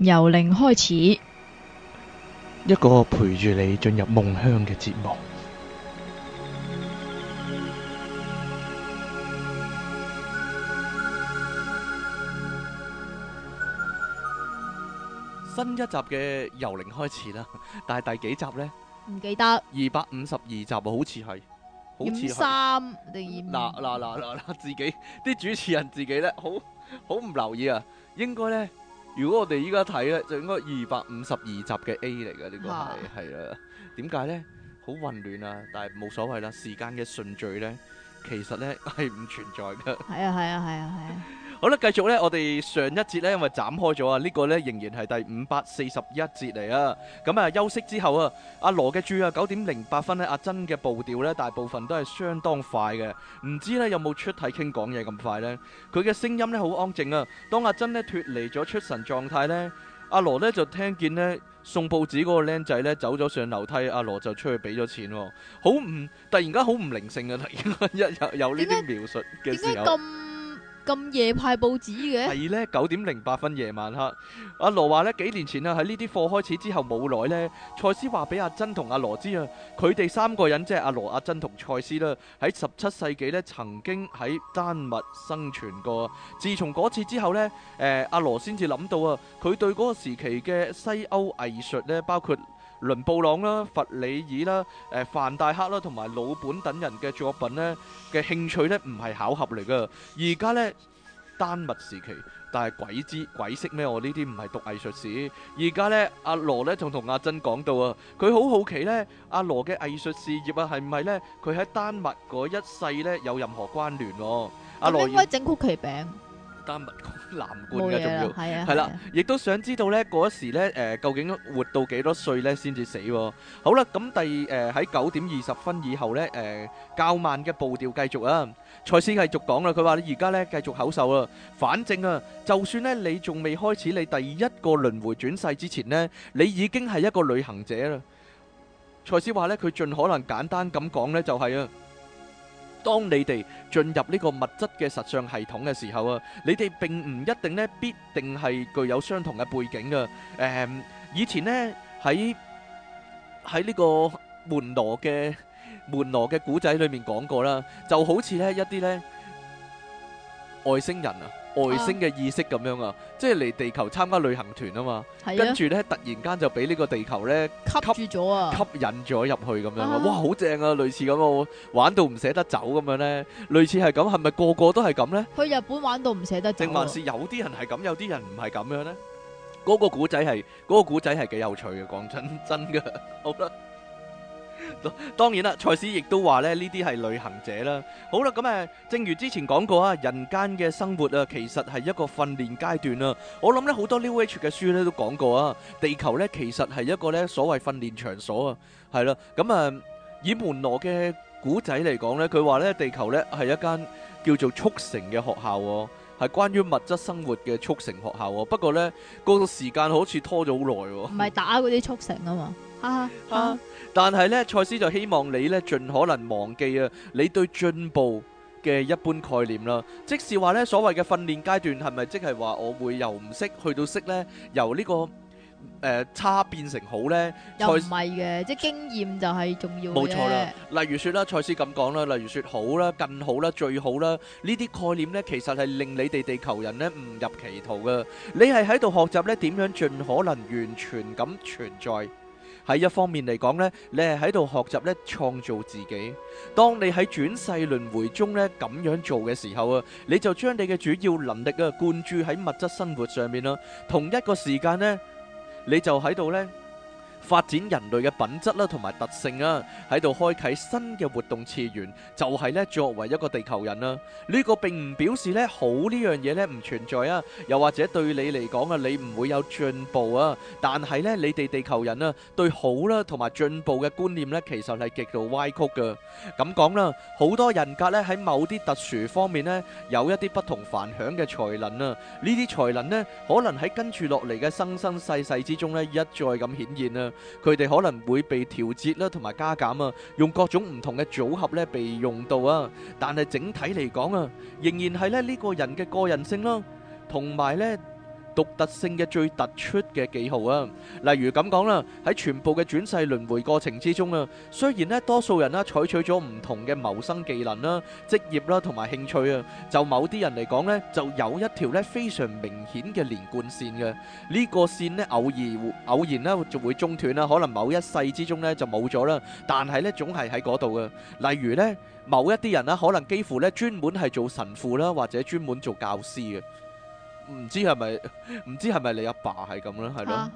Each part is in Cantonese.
由零開始，一個陪住你進入夢鄉嘅節目。新一集嘅由零開始啦，但係第幾集咧？唔記得。二百五十二集啊，好似係，好似係。二三定二？嗱嗱嗱嗱嗱，自己啲主持人自己咧，好好唔留意啊，應該咧。如果我哋依家睇咧，就應該二百五十二集嘅 A 嚟嘅，這個啊、呢個係，係啦。點解咧？好混亂啊！但係冇所謂啦。時間嘅順序咧，其實咧係唔存在㗎。係啊！係啊！係啊！係啊！ 好啦，繼續咧，我哋上一節咧，因為斬開咗啊，這個、呢個咧仍然係第五百四十一節嚟啊。咁啊，休息之後啊，阿羅嘅註啊九點零八分咧，阿珍嘅步調咧，大部分都係相當快嘅。唔知咧有冇出體傾講嘢咁快咧？佢嘅聲音咧好安靜啊。當阿珍咧脫離咗出神狀態咧，阿、啊、羅咧就聽見咧送報紙嗰個僆仔咧走咗上樓梯，阿、啊、羅就出去俾咗錢、哦。好唔突然間好唔靈性啊！突然間一有有呢啲描述嘅時候。咁夜派報紙嘅係呢，九點零八分夜晚黑，阿羅話呢幾年前啊喺呢啲課開始之後冇耐呢，賽斯話俾阿珍同阿羅知啊，佢哋三個人即係、就是、阿羅、阿珍同賽斯啦，喺十七世紀咧曾經喺丹麥生存過。自從嗰次之後呢，誒阿羅先至諗到啊，佢對嗰個時期嘅西歐藝術呢，包括。倫布朗啦、弗里爾啦、誒范大克啦，同埋魯本等人嘅作品咧嘅興趣咧，唔係巧合嚟噶。而家咧丹麥時期，但係鬼知鬼識咩？我呢啲唔係讀藝術史。而家咧阿羅咧仲同阿珍講到啊，佢好好奇咧阿羅嘅藝術事業啊，係唔係咧佢喺丹麥嗰一世咧有任何關聯？阿羅應該整曲奇餅。山物南冠嘅仲要係啊，係啦，亦都想知道咧，嗰時咧誒，究竟活到幾多歲咧先至死喎？好啦，咁第誒喺九點二十分以後咧誒較慢嘅步調繼續啊。蔡司繼續講啦，佢話你而家咧繼續口授啦。反正啊，就算咧你仲未開始你第一個輪迴轉世之前咧，你已經係一個旅行者啦。蔡司話咧，佢盡可能簡單咁講咧，就係啊。當你哋進入呢個物質嘅實相系統嘅時候啊，你哋並唔一定呢必定係具有相同嘅背景嘅。誒，以前呢喺喺呢個門羅嘅門羅嘅古仔裏面講過啦，就好似呢一啲呢外星人啊。外星嘅意識咁樣啊，即係嚟地球參加旅行團啊嘛，跟住咧突然間就俾呢個地球咧吸住咗啊，吸引咗入去咁樣啊，哇，好正啊，類似咁啊，玩到唔捨得走咁樣咧，類似係咁，係咪個個都係咁咧？去日本玩到唔捨得走。定係有啲人係咁，有啲人唔係咁樣咧。嗰個古仔係嗰個古仔係幾有趣嘅，講真真嘅，我覺得。 當然啦，賽斯亦都話咧呢啲係旅行者啦。好啦，咁、嗯、誒，正如之前講過啊，人間嘅生活啊，其實係一個訓練階段啊。我諗咧，好多 New Age 嘅書咧都講過啊，地球咧其實係一個咧所謂訓練場所啊。係啦，咁、嗯、誒，以門羅嘅古仔嚟講咧，佢話咧地球咧係一間叫做速成嘅學校啊，係關於物質生活嘅速成學校啊。不過咧，嗰、那個時間好似拖咗好耐。唔係打嗰啲速成啊嘛。 啊啊！ 但係咧，賽斯就希望你咧，盡可能忘記啊，你對進步嘅一般概念啦。即使話咧，所謂嘅訓練階段係咪即係話我會由唔識去到識咧，由呢、這個誒、呃、差變成好咧？又唔係嘅，即係經驗就係重要。冇錯啦。例如說啦，賽斯咁講啦，例如說好啦、更好啦、最好啦，呢啲概念咧，其實係令你哋地球人咧誤入歧途嘅。你係喺度學習咧，點樣盡可能完全咁存在？喺一方面嚟講咧，你係喺度學習咧創造自己。當你喺轉世輪迴中咧咁樣做嘅時候啊，你就將你嘅主要能力啊灌注喺物質生活上面啦。同一個時間咧，你就喺度咧。發展人類嘅品質啦，同埋特性啊，喺度開啟新嘅活動次元，就係咧作為一個地球人啊。呢個並唔表示咧好呢樣嘢咧唔存在啊，又或者對你嚟講啊，你唔會有進步啊，但係咧你哋地球人啊，對好啦同埋進步嘅觀念咧，其實係極度歪曲㗎。噉講啦，好多人格咧，喺某啲特殊方面咧，有一啲不同凡響嘅才能啊。呢啲才能咧，可能喺跟住落嚟嘅生生世世之中咧，一再噉顯現啊佢哋可能會被調節啦，同埋加減啊，用各種唔同嘅組合咧被用到啊，但係整體嚟講啊，仍然係咧呢個人嘅個人性啦，同埋咧獨特性嘅最突出嘅記號啊，例如咁講啦，喺全部嘅轉世輪回過程之中啊，雖然咧多數人啦採取咗唔同嘅謀生技能啦、職業啦同埋興趣啊，就某啲人嚟講咧，就有一條咧非常明顯嘅連貫線嘅，呢個線咧偶爾偶然啦就會中斷啦，可能某一世之中咧就冇咗啦，但係咧總係喺嗰度噶，例如咧某一啲人啦，可能幾乎咧專門係做神父啦或者專門做教師嘅。唔知係咪，唔知係咪你阿爸係咁啦，係咯。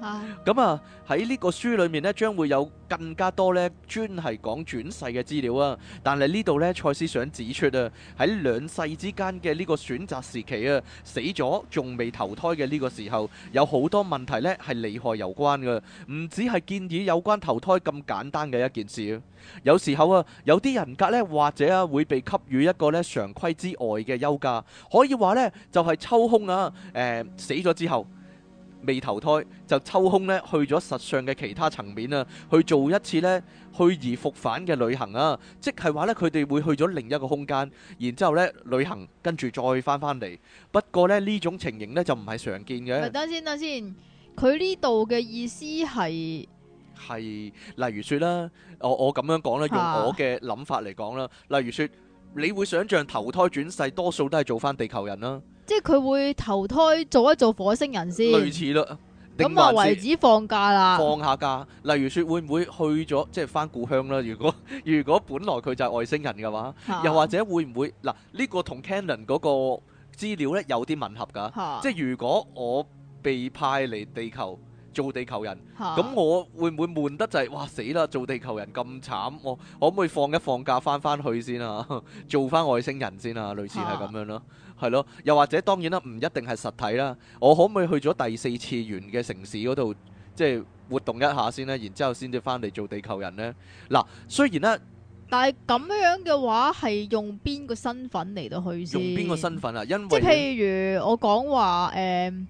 咁啊喺呢、啊啊、個書裏面呢，將會有更加多呢專係講轉世嘅資料啊。但係呢度呢，賽斯想指出啊，喺兩世之間嘅呢個選擇時期啊，死咗仲未投胎嘅呢個時候，有好多問題呢係利害有關㗎，唔止係建議有關投胎咁簡單嘅一件事啊。有時候啊，有啲人格呢，或者啊會被給予一個呢常規之外嘅休假，可以話呢，就係、是、抽空啊。嗯誒、呃，死咗之後未投胎就抽空咧，去咗實相嘅其他層面啊，去做一次咧去而復返嘅旅行啊，即係話咧，佢哋會去咗另一個空間，然之後咧旅行，跟住再翻翻嚟。不過咧呢種情形咧就唔係常見嘅。等先等先，佢呢度嘅意思係係，例如說啦，我我咁樣講啦，用我嘅諗法嚟講啦，例如說。你會想像投胎轉世多數都係做翻地球人啦，即係佢會投胎做一做火星人先，類似啦。咁話為止放假啦，放下假。例如説，會唔會去咗即係翻故鄉啦？如果如果本來佢就係外星人嘅話，又或者會唔會嗱？呢個同 Cannon 嗰個資料咧有啲吻合㗎，即係如果我被派嚟地球。做地球人咁，我會唔會悶得就係哇死啦！做地球人咁慘，我可唔可以放一放假翻翻去先啊？做翻外星人先啊？類似係咁樣咯，係咯。又或者當然啦，唔一定係實體啦。我可唔可以去咗第四次元嘅城市嗰度，即係活動一下先咧？然之後先至翻嚟做地球人咧？嗱，雖然咧，但係咁樣嘅話係用邊個身份嚟到去先？用邊個身份啊？因為即係譬如我講話誒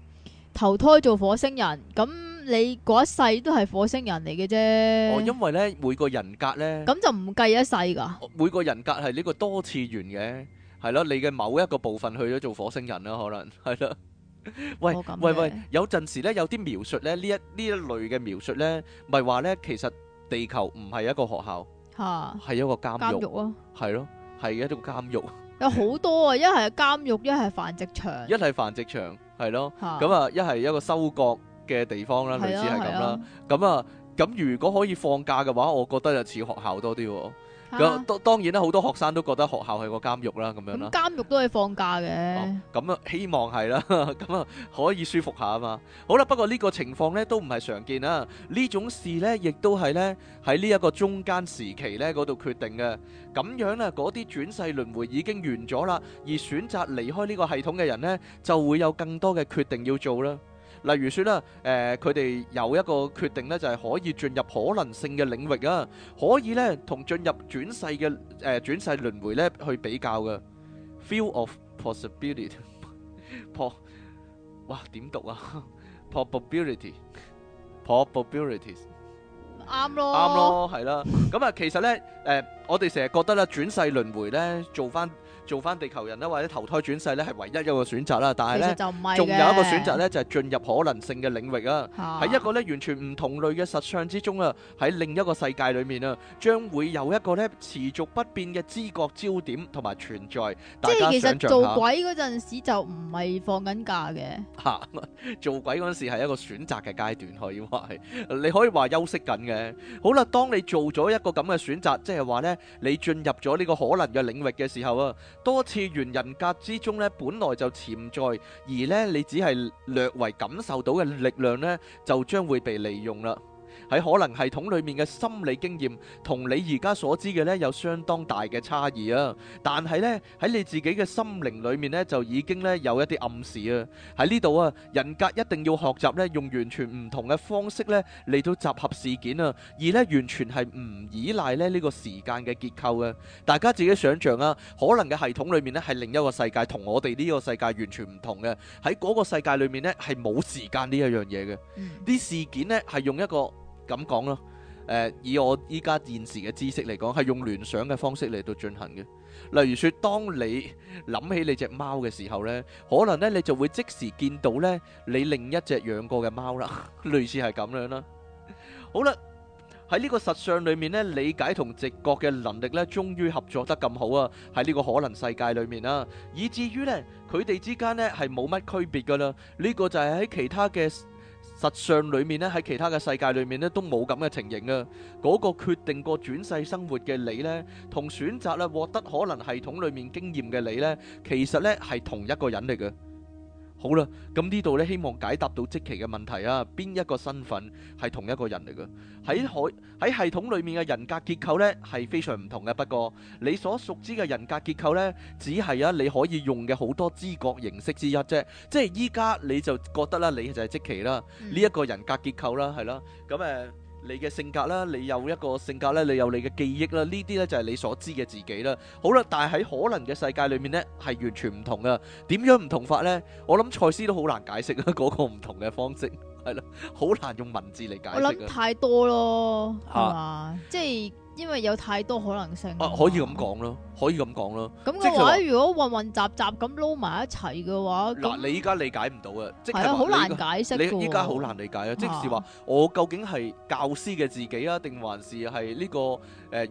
投胎做火星人咁。你嗰一世都係火星人嚟嘅啫。哦，因為咧，每個人格咧，咁就唔計一世噶。每個人格係呢個多次元嘅，係咯，你嘅某一個部分去咗做火星人啦，可能係咯。喂喂喂，有陣時咧，有啲描述咧，呢一呢一類嘅描述咧，咪話咧，其實地球唔係一個學校，吓係一個監獄咯，係咯，係一種監獄。有好多啊，一係監獄，一係繁殖場，一係繁殖場，係咯。咁啊，一係一個收割嘅地方啦，類似係咁啦。咁啊，咁如果可以放假嘅話，我覺得就似學校多啲。咁當、啊、當然啦，好多學生都覺得學校係個監獄啦，咁樣啦、嗯。監獄都係放假嘅。咁啊、哦，希望係啦。咁啊，可以舒服下啊嘛。好啦，不過呢個情況咧都唔係常見啦。呢種事咧，亦都係咧喺呢一個中間時期咧嗰度決定嘅。咁樣咧，嗰啲轉世輪迴已經完咗啦，而選擇離開呢個系統嘅人咧，就會有更多嘅決定要做啦。例如說咧，誒，佢哋有一個決定咧，就係可以進入可能性嘅領域啊，可以咧同進入轉世嘅，誒，轉世輪迴咧去比較嘅，feel of possibility，破，哇，點讀啊，probability，probabilities，啱咯，啱咯，係啦，咁啊，其實咧，誒，我哋成日覺得咧，轉世輪迴咧，做翻。做翻地球人咧，或者投胎轉世咧，係唯一一個選擇啦。但係咧，就唔係，仲有一個選擇咧，就係進入可能性嘅領域啊！喺一個咧完全唔同類嘅實相之中啊，喺另一個世界裏面啊，將會有一個咧持續不變嘅知覺焦點同埋存在。即係其實做鬼嗰陣時就唔係放緊假嘅吓，做鬼嗰陣時係一個選擇嘅階段，可以話係你可以話休息緊嘅。好啦，當你做咗一個咁嘅選擇，即係話咧，你進入咗呢個可能嘅領域嘅時候啊。多次元人格之中咧，本來就潛在，而咧你只係略為感受到嘅力量咧，就將會被利用啦。喺可能系統裏面嘅心理經驗同你而家所知嘅呢有相當大嘅差異啊！但係呢喺你自己嘅心靈裏面呢就已經呢有一啲暗示啊！喺呢度啊，人格一定要學習呢用完全唔同嘅方式呢嚟到集合事件啊，而呢完全係唔依賴呢呢個時間嘅結構嘅。大家自己想象啊，可能嘅系統裏面呢係另一個世界，同我哋呢個世界完全唔同嘅。喺嗰個世界裏面呢係冇時間呢一樣嘢嘅，啲事件呢係用一個。咁講咯，誒以我依家現時嘅知識嚟講，係用聯想嘅方式嚟到進行嘅。例如說，當你諗起你隻貓嘅時候咧，可能咧你就會即時見到咧你另一隻養過嘅貓啦，類似係咁樣啦。好啦，喺呢個實相裏面咧，理解同直覺嘅能力咧，終於合作得咁好啊！喺呢個可能世界裏面啊，以至於咧佢哋之間咧係冇乜區別噶啦。呢個就係喺其他嘅。實相裡面咧，喺其他嘅世界裡面咧，都冇咁嘅情形啊！嗰、那個決定過轉世生活嘅你呢，同選擇咧獲得可能系統裡面經驗嘅你呢，其實呢，係同一個人嚟嘅。好啦，咁呢度呢，希望解答到即期嘅問題啊！邊一個身份係同一個人嚟嘅？喺海喺系統裏面嘅人格結構呢，係非常唔同嘅。不過你所熟知嘅人格結構呢，只係啊，你可以用嘅好多知覺形式之一啫。即係依家你就覺得啦、啊，你就係即期啦，呢一、嗯、個人格結構啦、啊，係啦、啊，咁、嗯、誒。嗯你嘅性格啦，你有一個性格咧，你有你嘅記憶啦，呢啲咧就係你所知嘅自己啦。好啦，但係喺可能嘅世界裏面咧，係完全唔同啊。點樣唔同法咧？我諗賽斯都好難解釋啊，嗰，那個唔同嘅方式係啦，好難用文字嚟解釋啊。我諗太多咯，係嘛，uh. 即係。因為有太多可能性。啊，可以咁講咯，可以咁講咯。咁嘅話，如果混混雜雜咁撈埋一齊嘅話，嗱，你依家理解唔到啊，即係好難解釋。你依家好難理解啊，即是話我究竟係教師嘅自己啊，定還是係呢個誒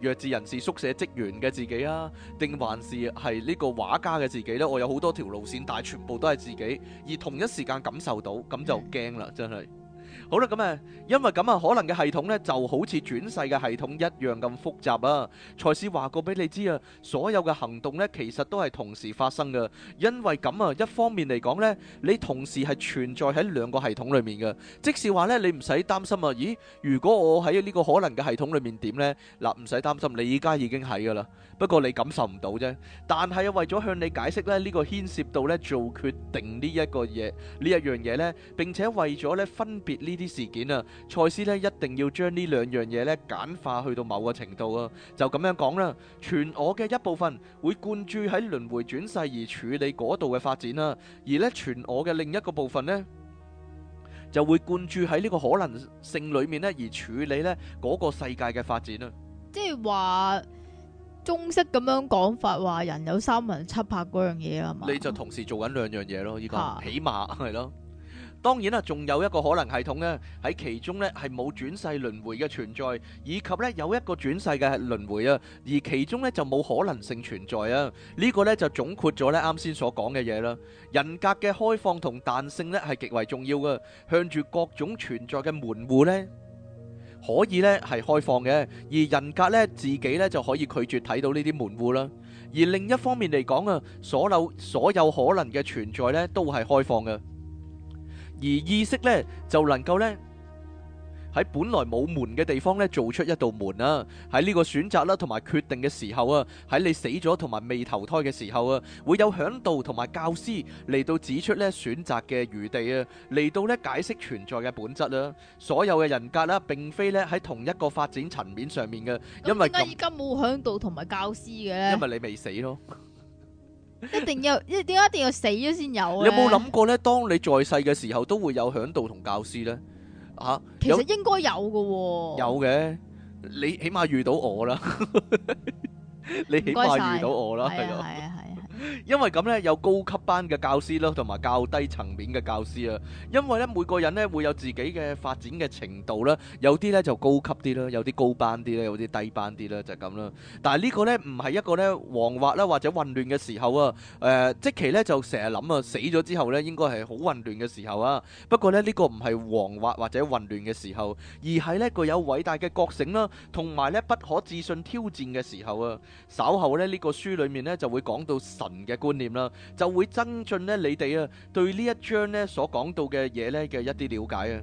弱智人士宿舍職員嘅自己啊，定還是係呢個畫家嘅自己呢？我有好多條路線，但係全部都係自己，而同一時間感受到，咁就驚啦，真係。好啦，咁啊，因為咁啊，可能嘅系統咧就好似轉世嘅系統一樣咁複雜啊。賽斯話過俾你知啊，所有嘅行動咧其實都係同時發生噶。因為咁啊，一方面嚟講咧，你同時係存在喺兩個系統裏面嘅，即是話咧，你唔使擔心啊。咦，如果我喺呢個可能嘅系統裏面點咧？嗱，唔使擔心，你依家已經喺噶啦。不過你感受唔到啫。但係為咗向你解釋咧，呢個牽涉到咧做決定呢一個嘢呢一樣嘢咧，並且為咗咧分別。呢啲事件啊，賽斯咧一定要將呢兩樣嘢咧簡化去到某個程度啊，就咁樣講啦。全我嘅一部分會灌注喺輪迴轉世而處理嗰度嘅發展啦，而咧全我嘅另一個部分咧就會灌注喺呢個可能性裏面咧，而處理咧嗰個世界嘅發展啦。即係話中式咁樣講法，話人有三魂七魄嗰樣嘢係嘛？你就同時做緊兩樣嘢咯，依家起碼係咯。當然啦，仲有一個可能系統咧，喺其中咧係冇轉世輪迴嘅存在，以及咧有一個轉世嘅輪迴啊，而其中咧就冇可能性存在啊。呢個咧就總括咗咧啱先所講嘅嘢啦。人格嘅開放同彈性咧係極為重要嘅，向住各種存在嘅門戶咧可以咧係開放嘅，而人格咧自己咧就可以拒絕睇到呢啲門戶啦。而另一方面嚟講啊，所有所有可能嘅存在咧都係開放嘅。而意識呢，就能夠呢，喺本來冇門嘅地方呢，做出一道門啊！喺呢個選擇啦同埋決定嘅時候啊，喺你死咗同埋未投胎嘅時候啊，會有嚮導同埋教師嚟到指出呢選擇嘅餘地啊，嚟到呢解釋存在嘅本質啊。所有嘅人格啦、啊、並非呢喺同一個發展層面上面嘅，那麼 因為咁。點解而家冇嚮導同埋教師嘅？因為你未死咯。一定要一，點解一定要死咗先有咧？你有冇諗過咧？當你在世嘅時候，都會有嚮導同教師咧？吓、啊，其實應該有嘅、哦。有嘅，你起碼遇到我啦。 你起碼遇到我啦，係啊，啊的，係咯。因為咁呢，有高級班嘅教師咯，同埋較低層面嘅教師啊。因為呢，每個人呢，會有自己嘅發展嘅程度啦，有啲呢，就高級啲啦，有啲高班啲啦；有啲低班啲啦，就咁、是、啦。但係呢個呢，唔係一個呢，惶惑啦，或者混亂嘅時候啊。誒、呃，即期呢，就成日諗啊，死咗之後呢，應該係好混亂嘅時候啊。不過呢，呢、這個唔係惶惑或者混亂嘅時候，而係呢，具有偉大嘅覺醒啦，同埋呢，不可置信挑戰嘅時候啊。稍後呢，呢、這個書裏面呢，就會講到。神嘅觀念啦，就會增進咧你哋啊對呢一章咧所講到嘅嘢咧嘅一啲了解啊。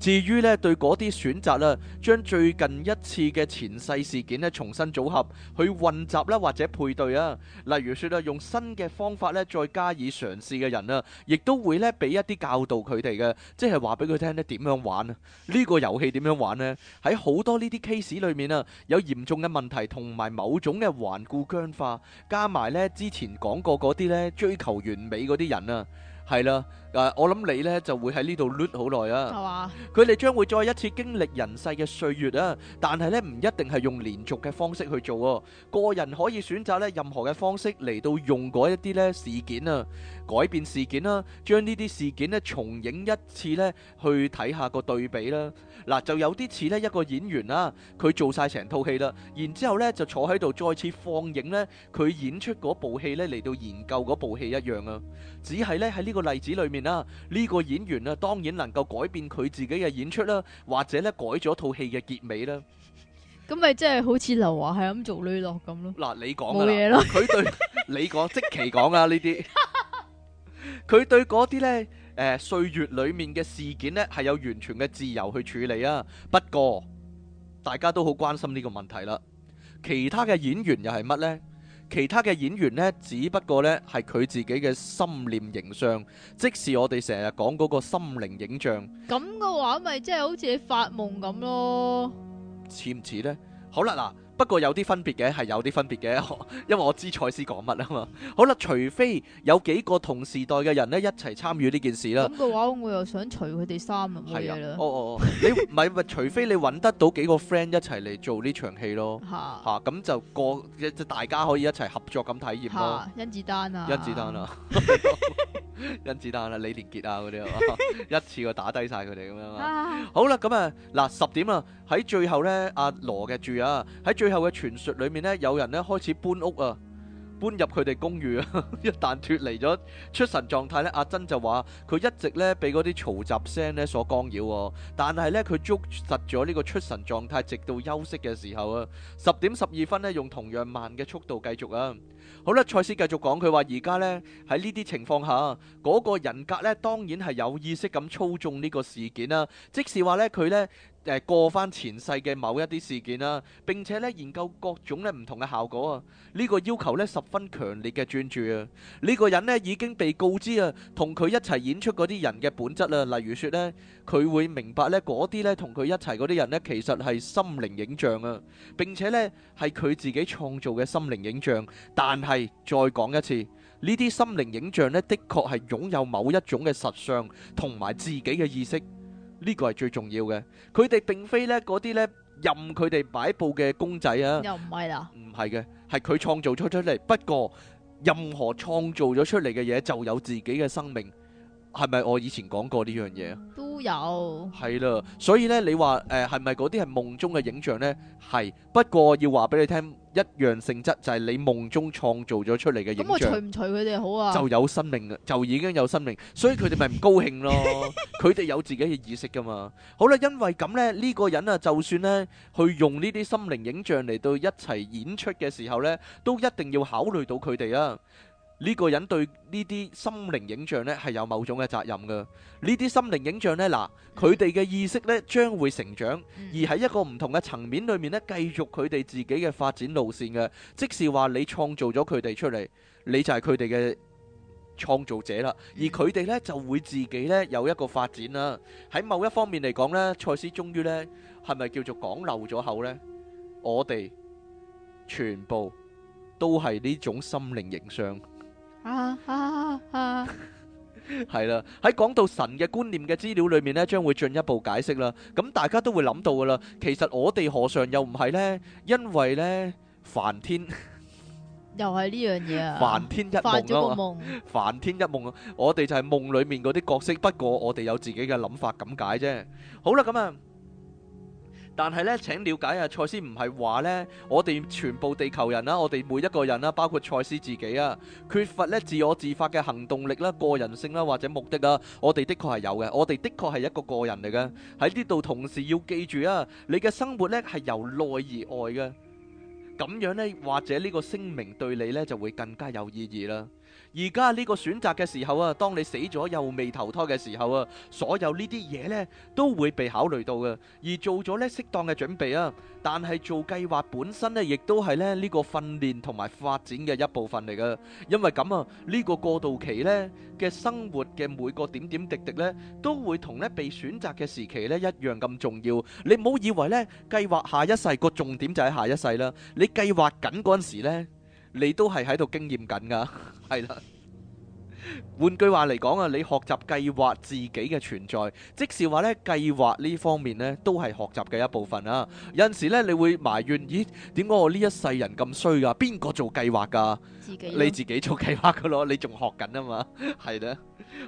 至於咧對嗰啲選擇啦，將最近一次嘅前世事件咧重新組合去混集啦，或者配對啊，例如説啊，用新嘅方法咧再加以嘗試嘅人啊，亦都會咧俾一啲教導佢哋嘅，即係話俾佢聽咧點樣玩啊？呢個遊戲點樣玩咧？喺好多呢啲 case 裏面啊，有嚴重嘅問題同埋某種嘅頑固僵化，加埋咧之前講過嗰啲咧追求完美嗰啲人啊。係啦，誒，我諗你咧就會喺呢度轆好耐啊。係嘛？佢哋將會再一次經歷人世嘅歲月啊，但係咧唔一定係用連續嘅方式去做。個人可以選擇咧任何嘅方式嚟到用嗰一啲咧事件啊，改變事件啦，將呢啲事件咧重影一次咧，去睇下個對比啦。嗱，就有啲似咧一個演員啦、啊，佢做晒成套戲啦，然之後咧就坐喺度再次放映咧佢演出嗰部戲咧嚟到研究嗰部戲一樣啊，只係咧喺呢個例子裏面啦、啊，呢、這個演員啊當然能夠改變佢自己嘅演出啦、啊，或者咧改咗套戲嘅結尾啦。咁咪即係好似劉華係咁做女落咁咯。嗱，你講啦，冇嘢咯。佢對 你講即其講啊 呢啲，佢對嗰啲咧。誒，歲月裏面嘅事件咧係有完全嘅自由去處理啊。不過大家都好關心呢個問題啦。其他嘅演員又係乜呢？其他嘅演員呢，只不過呢係佢自己嘅心念形象，即係我哋成日講嗰個心靈影像。咁嘅話，咪即係好似你發夢咁咯？似唔似呢？好啦嗱。不過有啲分別嘅係有啲分別嘅，因為我知賽斯講乜啊嘛。好啦，除非有幾個同時代嘅人咧，一齊參與呢件事啦。咁嘅話我又想除佢哋衫啊乜嘢啦。哦哦、啊、哦，哦 你唔係咪？除非你搵得到幾個 friend 一齊嚟做呢場戲咯。吓咁、 啊、就個即大家可以一齊合作咁體驗咯。甄、啊、子丹啊，甄子丹啊，甄 子丹啊，李連杰啊嗰啲啊， 一次過打低晒佢哋咁樣啊。好啦，咁啊嗱，十點啦，喺最後咧，阿羅嘅住啊，喺最。之後嘅傳說裏面呢，有人呢開始搬屋啊，搬入佢哋公寓啊。 一旦脫離咗出神狀態呢，阿珍就話佢一直呢畀嗰啲嘈雜聲呢所干擾。但係呢，佢捉實咗呢個出神狀態，直到休息嘅時候啊，十點十二分呢，用同樣慢嘅速度繼續啊。好啦，賽斯繼續講，佢話而家呢，喺呢啲情況下，嗰、嗰個人格呢，當然係有意識咁操縱呢個事件啦。即使話呢，佢呢。誒過返前世嘅某一啲事件啦，並且咧研究各種咧唔同嘅效果啊！呢個要求咧十分強烈嘅專注啊！呢個人咧已經被告知啊，同佢一齊演出嗰啲人嘅本質啦，例如說咧，佢會明白咧嗰啲咧同佢一齊嗰啲人咧其實係心靈影像啊！並且咧係佢自己創造嘅心靈影像，但係再講一次，呢啲心靈影像咧，的確係擁有某一種嘅實相同埋自己嘅意識。呢個係最重要嘅，佢哋並非咧嗰啲咧任佢哋擺佈嘅公仔啊，又唔係啦，唔係嘅，係佢創造咗出嚟。不過任何創造咗出嚟嘅嘢就有自己嘅生命。係咪我以前講過呢樣嘢？都有係啦，所以咧，你話誒，係咪嗰啲係夢中嘅影像咧？係，不過要話俾你聽，一樣性質就係你夢中創造咗出嚟嘅影像。咁我隨唔隨佢哋好啊？就有生命嘅，就已經有生命，所以佢哋咪唔高興咯。佢哋有自己嘅意識噶嘛。好啦，因為咁咧，呢個人啊，就算咧去用呢啲心靈影像嚟到一齊演出嘅時候咧，都一定要考慮到佢哋呀。呢個人對呢啲心靈影像咧係有某種嘅責任㗎。呢啲心靈影像咧，嗱，佢哋嘅意識咧將會成長，而喺一個唔同嘅層面裏面咧，繼續佢哋自己嘅發展路線嘅。即是話，你創造咗佢哋出嚟，你就係佢哋嘅創造者啦。而佢哋咧就會自己咧有一個發展啦。喺某一方面嚟講咧，賽斯終於咧係咪叫做講漏咗口咧？我哋全部都係呢種心靈影像。啊啊啊！係啦，喺講到神嘅觀念嘅資料裏面咧，將會進一步解釋啦。咁大家都會諗到噶啦，其實我哋何嘗又唔係咧，因為咧梵天又係呢樣嘢啊，梵天一夢啊嘛，梵天一夢，我哋就係夢裏面嗰啲角色，不過我哋有自己嘅諗法咁解啫。好啦，咁啊。但係咧，請了解啊，賽斯唔係話呢，我哋全部地球人啦，我哋每一個人啦，包括賽斯自己啊，缺乏咧自我自發嘅行動力啦、個人性啦或者目的啊，我哋的確係有嘅，我哋的確係一個個人嚟嘅。喺呢度同時要記住啊，你嘅生活咧係由內而外嘅，咁樣呢，或者呢個聲明對你呢就會更加有意義啦。而家呢個選擇嘅時候啊，當你死咗又未投胎嘅時候啊，所有呢啲嘢呢都會被考慮到嘅，而做咗呢適當嘅準備啊。但係做計劃本身呢，亦都係咧呢個訓練同埋發展嘅一部分嚟㗎。因為咁啊，呢、這個過渡期呢嘅生活嘅每個點點滴滴呢，都會同呢被選擇嘅時期呢一樣咁重要。你唔好以為呢計劃下一世個重點就係下一世啦，你計劃緊嗰陣時咧。你都係喺度經驗緊噶係啦。換句話嚟講啊，你學習計劃自己嘅存在，即是話咧計劃呢方面咧都係學習嘅一部分啦。有陣時咧你會埋怨，咦？點解我呢一世人咁衰噶？邊個做計劃噶？自己啊、你自己做計劃噶咯？你仲學緊啊嘛？係 啦。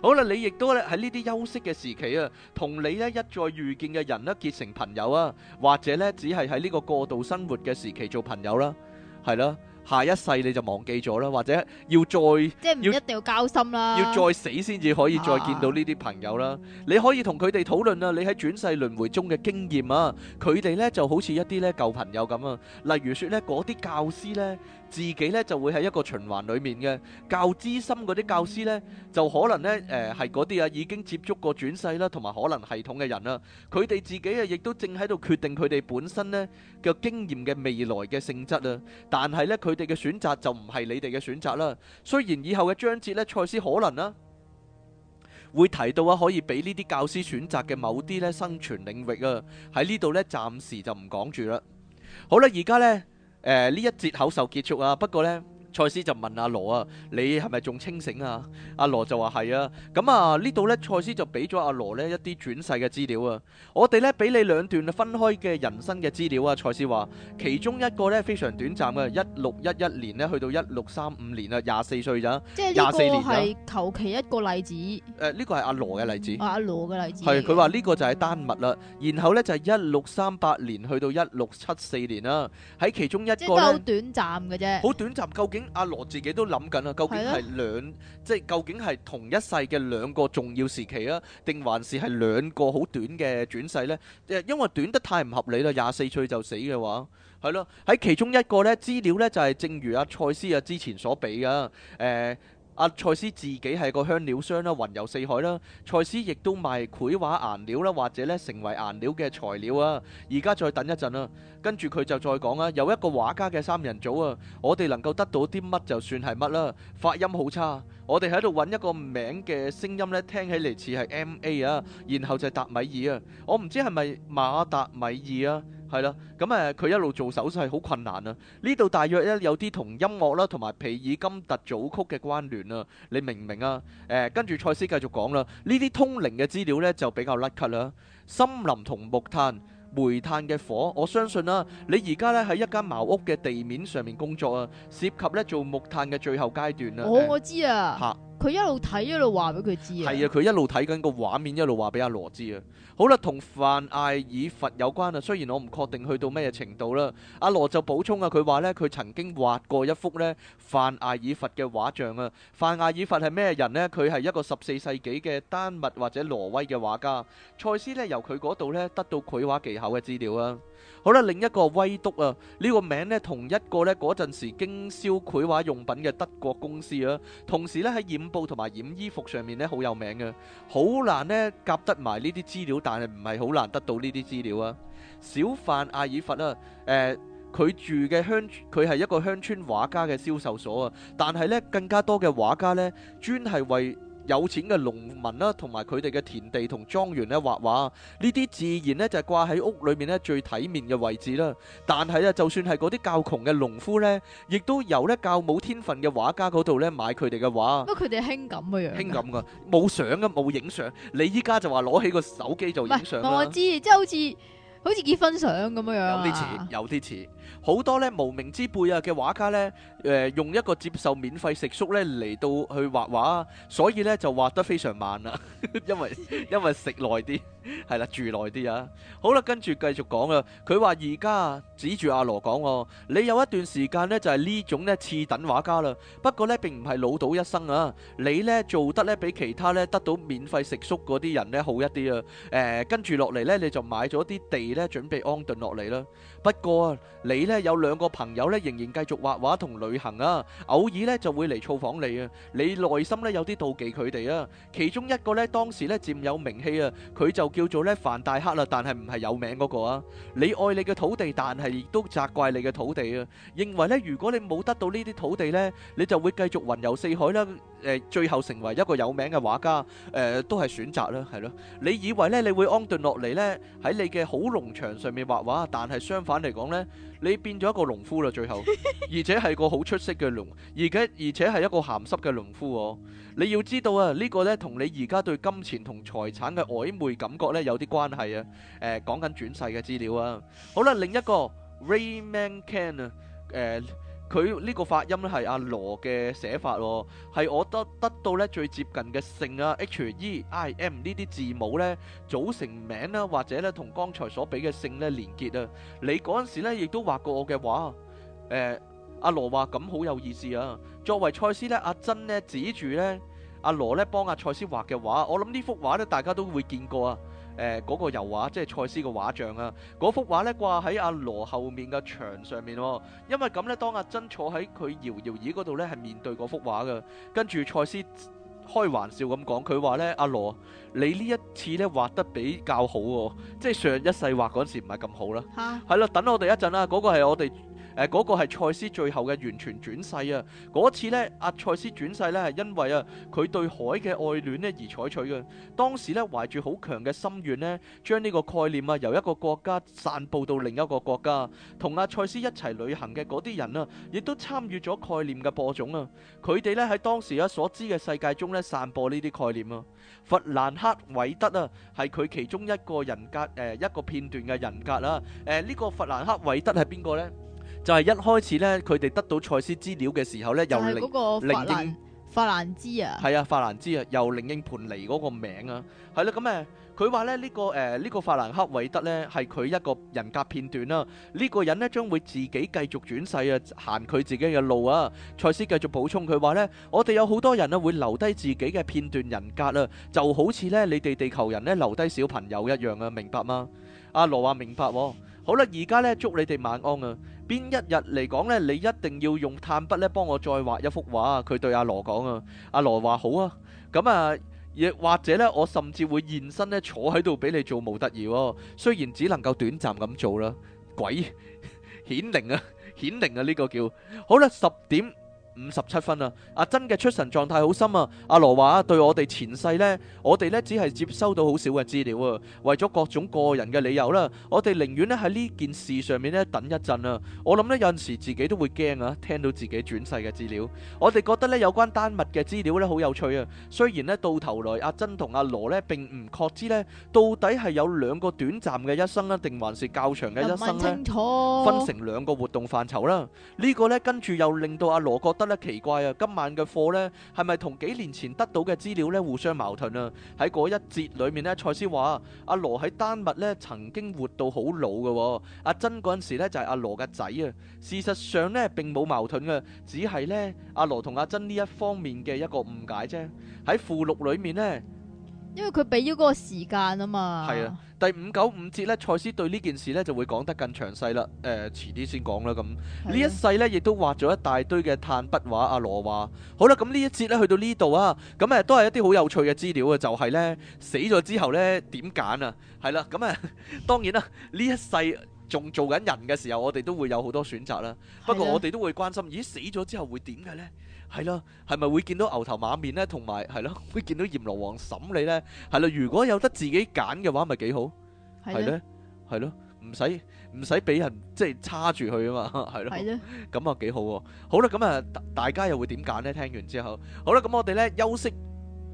好啦，你亦都咧喺呢啲休息嘅時期啊，同你咧一再遇見嘅人咧結成朋友啊，或者咧只係喺呢個過渡生活嘅時期做朋友啦，係啦。下一世你就忘記咗啦，或者要再即係唔一定要交心啦，要再死先至可以再見到呢啲朋友啦。啊、你可以同佢哋討論啊，你喺轉世輪迴中嘅經驗啊，佢哋咧就好似一啲咧舊朋友咁啊。例如說咧，嗰啲教師咧。自己呢，就會喺一個循環裡面嘅，較資深嗰啲教師呢，就可能呢，誒係嗰啲啊已經接觸過轉世啦，同埋可能系統嘅人啦，佢哋自己啊亦都正喺度決定佢哋本身呢嘅經驗嘅未來嘅性質啊，但係呢，佢哋嘅選擇就唔係你哋嘅選擇啦。雖然以後嘅章節呢，賽斯可能啦會提到啊，可以俾呢啲教師選擇嘅某啲呢生存領域啊，喺呢度呢，暫時就唔講住啦。好啦，而家呢。誒呢、呃、一節口授結束啊，不過咧。蔡司就問阿羅啊，你係咪仲清醒啊？阿羅就話係啊。咁啊呢度呢，蔡司就俾咗阿羅呢一啲轉世嘅資料啊。我哋呢，俾你兩段分開嘅人生嘅資料啊。蔡司話，其中一個呢，非常短暫嘅，一六一一年呢，去到一六三五年啊，廿四歲咋，即係廿四年啦。係求其一個例子。誒、啊，呢個係阿羅嘅例子。阿羅嘅例子。係佢話呢個就係丹麥啦。嗯、然後呢，就係一六三八年去到一六七四年啦。喺其中一個好短暫嘅啫。好短暫，究竟？阿羅自己都諗緊啊，究竟係兩即係究竟係同一世嘅兩個重要時期啊，定還是係兩個好短嘅轉世呢？誒，因為短得太唔合理啦，廿四歲就死嘅話，係咯。喺其中一個呢資料呢，就係、是、正如阿賽斯啊之前所俾啊，誒、呃。阿賽、啊、斯自己係個香料商啦，雲遊四海啦。賽斯亦都賣繪畫顏料啦，或者咧成為顏料嘅材料啊。而家再等一陣啊，跟住佢就再講啊：「有一個畫家嘅三人組啊，我哋能夠得到啲乜就算係乜啦。發音好差。我哋喺度揾一個名嘅聲音咧，聽起嚟似係 M A 啊，然後就係達米爾啊，我唔知係咪馬達米爾啊，係啦，咁誒佢一路做手勢好困難啊，呢度大約咧有啲同音樂啦，同埋皮爾金特組曲嘅關聯啊，你明唔明啊？誒，跟住賽斯繼續講啦，呢啲通靈嘅資料咧就比較甩 cut 啦，森林同木炭。煤炭嘅火，我相信啦、啊，你而家咧喺一間茅屋嘅地面上面工作啊，涉及咧做木炭嘅最後階段啊。哦，我知啊。啊佢一路睇一路話俾佢知啊，係啊，佢一路睇緊個畫面一路話俾阿羅知啊。 好啦，同范艾爾佛有關啊。雖然我唔確定去到咩程度啦。阿羅就補充啊，佢話呢，佢曾經畫過一幅呢范艾爾佛嘅畫像啊。范艾爾佛係咩人呢？佢係一個十四世紀嘅丹麥或者挪威嘅畫家。賽斯呢，由佢嗰度呢得到繪畫技巧嘅資料啊。好啦，另一個威督啊，呢、呢個名呢，同一個呢嗰陣時經銷繪畫用品嘅德國公司啊。同時呢，喺染布同埋染衣服上面呢，好有名嘅。好難呢夾得埋呢啲資料，但係唔係好難得到呢啲資料啊。小販阿爾弗啦，誒、呃，佢住嘅鄉，佢係一個鄉村畫家嘅銷售所啊，但係呢，更加多嘅畫家呢，專係為。有錢嘅農民啦，同埋佢哋嘅田地同莊園咧，畫畫呢啲自然咧就係掛喺屋裏面咧最體面嘅位置啦。但係啊，就算係嗰啲較窮嘅農夫咧，亦都由咧較冇天分嘅畫家嗰度咧買佢哋嘅畫。乜佢哋興咁嘅樣？興咁噶，冇相啊，冇影相。你依家就話攞起個手機就影相啦。唔係，我知，即係好似好似結婚相咁樣樣有啲似，有啲似。好多咧無名之輩啊嘅畫家咧，誒、呃、用一個接受免費食宿咧嚟到去畫畫，所以咧就畫得非常慢啦， 因為因為食耐啲，係 啦，住耐啲啊。好啦，跟住繼續講啊，佢話而家指住阿羅講喎、哦，你有一段時間咧就係、是、呢種咧次等畫家啦，不過咧並唔係老到一生啊。你咧做得咧比其他咧得到免費食宿嗰啲人咧好一啲啊，誒跟住落嚟咧你就買咗啲地咧準備安頓落嚟啦。不過啊，你咧有兩個朋友咧，仍然繼續畫畫同旅行啊，偶爾咧就會嚟造訪你啊。你內心咧有啲妒忌佢哋啊。其中一個咧當時咧佔有名氣啊，佢就叫做咧梵大克啦，但係唔係有名嗰個啊。你愛你嘅土地，但係亦都責怪你嘅土地啊，認為咧如果你冇得到呢啲土地咧，你就會繼續雲遊四海啦。誒，最後成為一個有名嘅畫家，誒，都係選擇啦，係咯。你以為咧你會安頓落嚟咧喺你嘅好農場上面畫畫，但係相反嚟講咧，你變咗一個農夫啦，最後，而且係個好出色嘅農，而且而且係一個鹹濕嘅農夫喎。你要知道啊，呢個咧同你而家對金錢同財產嘅曖昧感覺咧有啲關係啊。誒，講緊轉世嘅資料啊。好啦，另一個 Rayman Ken 誒。佢呢個發音咧係阿羅嘅寫法喎，哦，係我得得到咧最接近嘅姓啊，H、E、I、M 呢啲字母咧組成名啦，啊，或者咧同剛才所俾嘅姓咧連結啊。你嗰陣時咧亦都畫過我嘅畫啊，呃，阿羅話咁好有意思啊。作為賽斯咧，阿珍咧指住咧阿羅咧幫阿賽斯畫嘅畫，我諗呢幅畫咧大家都會見過啊。誒，嗰、呃那個油畫即係賽斯個畫像啊，嗰幅畫咧掛喺阿羅後面嘅牆上面、啊，因為咁咧，當阿珍坐喺佢搖搖椅嗰度咧，係面對嗰幅畫噶，跟住賽斯開玩笑咁講，佢話咧阿羅，你呢一次咧畫得比較好喎、啊，即係上一世畫嗰時唔係咁好啦、啊，係咯哈，等我哋一陣啦，嗰、那個係我哋。誒，嗰、呃那個係賽斯最後嘅完全轉世啊！嗰次呢，阿、啊、賽斯轉世呢，係因為啊，佢對海嘅愛戀呢而採取嘅。當時呢，懷住好強嘅心願呢，將呢個概念，啊由一個國家散布到另一個國家。同阿賽斯一齊旅行嘅嗰啲人啊，亦都參與咗概念嘅播種啊！佢哋呢，喺當時啊所知嘅世界中咧，散播呢啲概念啊。弗蘭克韋德啊，係佢其中一個人格誒、呃，一個片段嘅人格啦、啊。誒、呃，呢、這個弗蘭克韋德係邊個呢？就係一開始咧，佢哋得到賽斯資料嘅時候咧，由靈靈應法蘭茲英啊，係啊，法蘭茲啊，由靈應盤尼嗰個名啊，係、嗯、啦，咁、嗯、誒，佢話咧呢、這個誒呢、呃這個法蘭克韋德咧係佢一個人格片段啦、啊，呢、這個人咧將會自己繼續轉世啊，行佢自己嘅路啊，賽斯繼續補充，佢話咧，我哋有好多人啊會留低自己嘅片段人格啊，就好似咧你哋地球人咧留低小朋友一樣啊，明白嗎？阿、啊、羅話明白、哦。好啦，而家咧，祝你哋晚安啊！邊一日嚟講咧，你一定要用炭筆咧，幫我再畫一幅畫啊！佢對阿羅講啊，阿羅話好啊，咁啊，亦或者咧，我甚至會現身咧，坐喺度俾你做模特兒，雖然只能夠短暫咁做啦，鬼顯靈啊，顯靈啊，呢個叫好啦，十點。五十七分啊，阿珍嘅出神狀態好深啊！阿羅話對我哋前世咧，我哋咧只係接收到好少嘅資料啊。為咗各種個人嘅理由啦，我哋寧願咧喺呢件事上面咧等一陣啊。我諗咧有陣時自己都會驚啊，聽到自己轉世嘅資料。我哋覺得咧有關丹麥嘅資料咧好有趣啊。雖然咧到頭來阿珍同阿羅咧並唔確知咧到底係有兩個短暫嘅一生啊，定還是較長嘅一生分成兩個活動範疇啦。呢個咧跟住又令到阿羅覺得。奇怪啊！今晚嘅課呢，係咪同幾年前得到嘅資料呢互相矛盾啊？喺嗰一節裏面呢，蔡思話阿羅喺丹麥呢曾經活到好老嘅，阿珍嗰陣時咧就係阿羅嘅仔啊。事實上呢，並冇矛盾嘅，只係呢，阿羅同阿珍呢一方面嘅一個誤解啫。喺附錄裏面呢。因為佢俾咗嗰個時間啊嘛，係啊，第五九五節咧，賽斯對呢件事咧就會講得更詳細啦。誒、呃，遲啲先講啦，咁呢的一世咧亦都畫咗一大堆嘅炭筆畫。阿、啊、羅話：好啦，咁呢一節咧去到呢度啊，咁、嗯、誒都係一啲好有趣嘅資料、就是、呢呢啊。就係咧死咗之後咧點揀啊？係、嗯、啦，咁啊當然啦，呢 一世仲做緊人嘅時候，我哋都會有好多選擇啦。的不過我哋都會關心，咦死咗之後會點嘅咧？係咯，係咪會見到牛頭馬面咧？同埋係咯，會見到閻羅王審你咧？係啦，如果有得自己揀嘅話，咪幾好？係咧是的，係咯，唔使唔使俾人即係叉住佢啊嘛？係咯，咁是的 啊幾好喎！好啦，咁啊大家又會點揀咧？聽完之後，好啦，咁我哋咧休息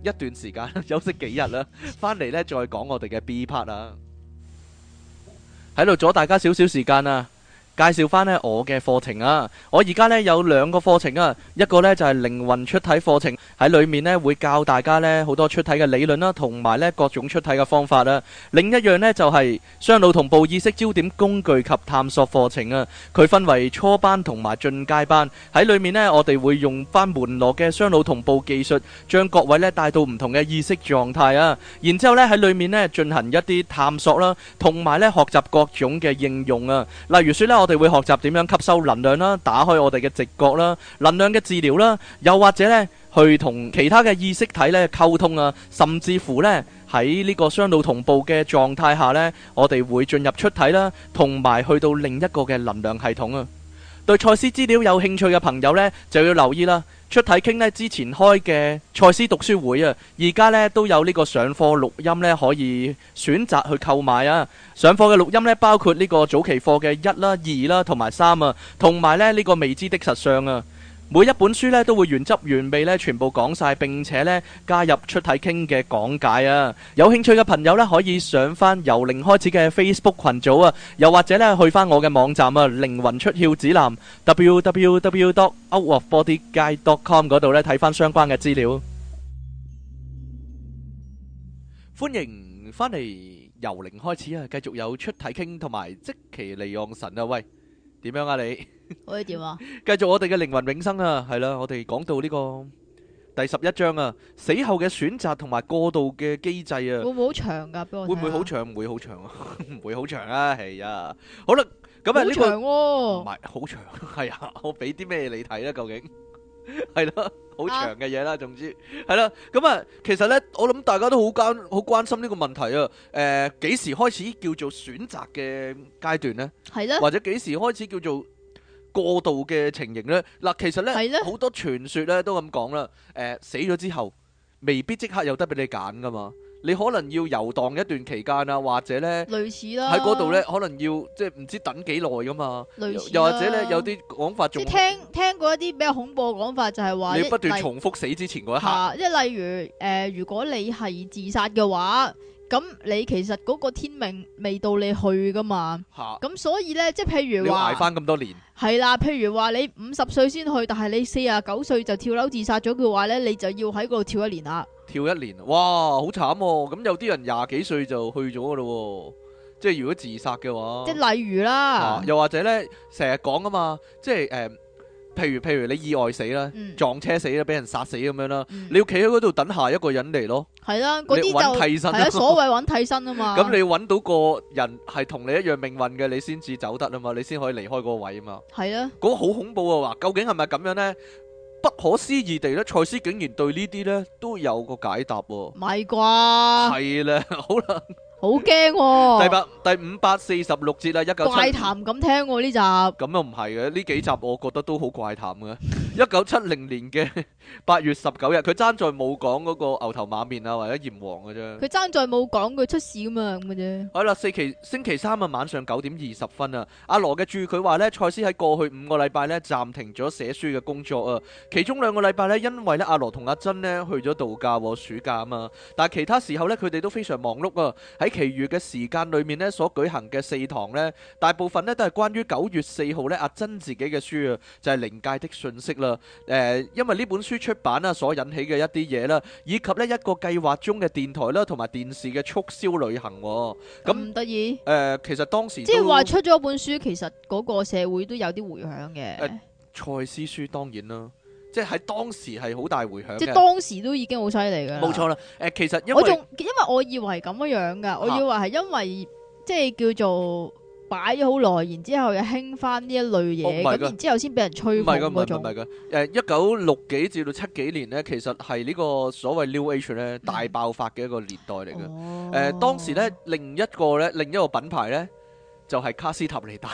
一段時間， 休息幾日啦，翻嚟咧，再講我哋嘅 B part 啦。喺度阻大家少少時間啊！介紹翻呢我嘅課程啊！我而家呢有兩個課程啊，一個呢就係靈魂出體課程，喺裏面呢會教大家呢好多出體嘅理論啦，同埋呢各種出體嘅方法啊。另一樣呢就係雙腦同步意識焦點工具及探索課程啊。佢分為初班同埋進階班，喺裏面呢我哋會用翻門羅嘅雙腦同步技術，將各位呢帶到唔同嘅意識狀態啊。然之後呢喺裏面呢進行一啲探索啦，同埋呢學習各種嘅應用啊。例如説呢我。我哋會學習點樣吸收能量啦，打開我哋嘅直覺啦，能量嘅治療啦，又或者呢去同其他嘅意識體呢溝通啊，甚至乎呢喺呢個雙腦同步嘅狀態下呢，我哋會進入出體啦，同埋去到另一個嘅能量系統啊。對賽斯資料有興趣嘅朋友呢，就要留意啦。出體傾咧，之前開嘅賽斯讀書會啊，而家呢都有呢個上課錄音呢，可以選擇去購買啊。上課嘅錄音呢，包括呢個早期課嘅一啦、二啦同埋三啊，同埋咧呢、呢個未知的實相啊。每一本書咧都會原汁原味咧全部講晒，並且咧加入出體傾嘅講解啊！有興趣嘅朋友咧可以上翻由零開始嘅 Facebook 群組啊，又或者咧去翻我嘅網站啊靈魂出竅指南 www.outofbodyguide.com 嗰度咧睇翻相關嘅資料。歡迎翻嚟由零開始啊，繼續有出體傾同埋即其利用神啊喂！點樣啊你可以點啊？繼續我哋嘅靈魂永生啊，係啦，我哋講到呢個第十一章啊，死後嘅選擇同埋過渡嘅機制啊，會唔會好長噶？會唔會好長？唔會好長啊？唔會好長啊？係啊，好啦，咁啊呢個唔係好長，係啊，我俾啲咩你睇咧？究竟？係咯，好 長嘅嘢啦，總之係啦。咁啊， 其實咧，我諗大家都好關好關心呢個問題啊。誒、呃，幾時開始叫做選擇嘅階段咧？係啦，或者幾時開始叫做過渡嘅情形咧？嗱、呃，其實咧好是的 多傳說咧都咁講啦。誒、呃，死咗之後，未必即刻有得俾你揀噶嘛。你可能要遊蕩一段期間啊，或者咧類似啦，喺嗰度咧可能要即係唔知等幾耐㗎嘛。又類似啦，或者咧有啲講法仲即係聽，聽過一啲比較恐怖嘅講法，就係、是、話你不斷重複死之前嗰一刻。即係例，例如誒、呃，如果你係自殺嘅話。咁你其實嗰個天命未到你去噶嘛？嚇！咁所以咧，即係譬如話，要捱翻咁多年。係啦，譬如話你五十歲先去，但係你四十九歲就跳樓自殺咗嘅話咧，你就要喺嗰度跳一年啊！跳一年，哇，好慘喎！咁有啲人廿幾歲就去咗噶咯喎，即係如果自殺嘅話，即係例如啦，啊，又或者咧，成日講啊嘛，即係誒。嗯譬如，譬如你意外死啦，撞車死啦，俾人殺死咁樣啦，你要企喺嗰度等下一個人嚟咯。係啦，嗰啲就係所謂揾替身啊嘛。咁你要揾到個人係同你一樣命運嘅，你先至走得啊嘛，你先可以離開個位啊嘛。係啊，嗰個好恐怖啊話，究竟係咪咁樣呢？不可思議地咧，賽斯竟然對呢啲咧都有個解答。咪啩？係啦，好啦。好驚喎！第八第五百四十六節啦，一九七零年。怪談咁聽喎呢集，咁又唔係嘅。呢幾集，我覺得都好怪談嘅。一九七零年嘅八月十九日，佢爭在冇講嗰個牛頭馬面啊，或者閻王嘅啫。佢爭在冇講佢出事啊嘛，咁嘅啫。好啦，四期星期三啊，晚上九點二十分啊，阿羅嘅注佢話咧，賽斯喺過去五個禮拜咧暫停咗寫書嘅工作啊，其中兩個禮拜咧，因為咧阿羅同阿珍咧去咗度假喎暑假啊嘛，但係其他時候咧，佢哋都非常忙碌啊喺。其餘嘅時間裏面呢所舉行嘅四堂呢，大部分都呢都係關於九月四號呢阿珍自己嘅書啊，就係、是《靈界的信息》啦。誒，因為呢本書出版啊所引起嘅一啲嘢啦，以及呢一個計劃中嘅電台啦同埋電視嘅促銷旅行。咁、唔、得意？誒、呃，其實當時即係話出咗本書，其實嗰個社會都有啲回響嘅。蔡、呃、思書當然啦。即係當時係好大回響嘅，即係當時都已經好犀利嘅。冇錯啦，誒，其實因為我仲因為我以為係咁樣樣噶，啊、我以為係因為即係叫做擺咗好耐，然之後又興翻呢一類嘢，咁、哦、然之後先俾人吹。唔係噶，唔係噶，唔係噶。誒、呃，一九六幾至到七幾年咧，其實係呢個所謂 New Age 咧大爆發嘅一個年代嚟嘅。誒、嗯哦呃，當時咧另一個咧另一個品牌咧。就係卡斯塔尼達，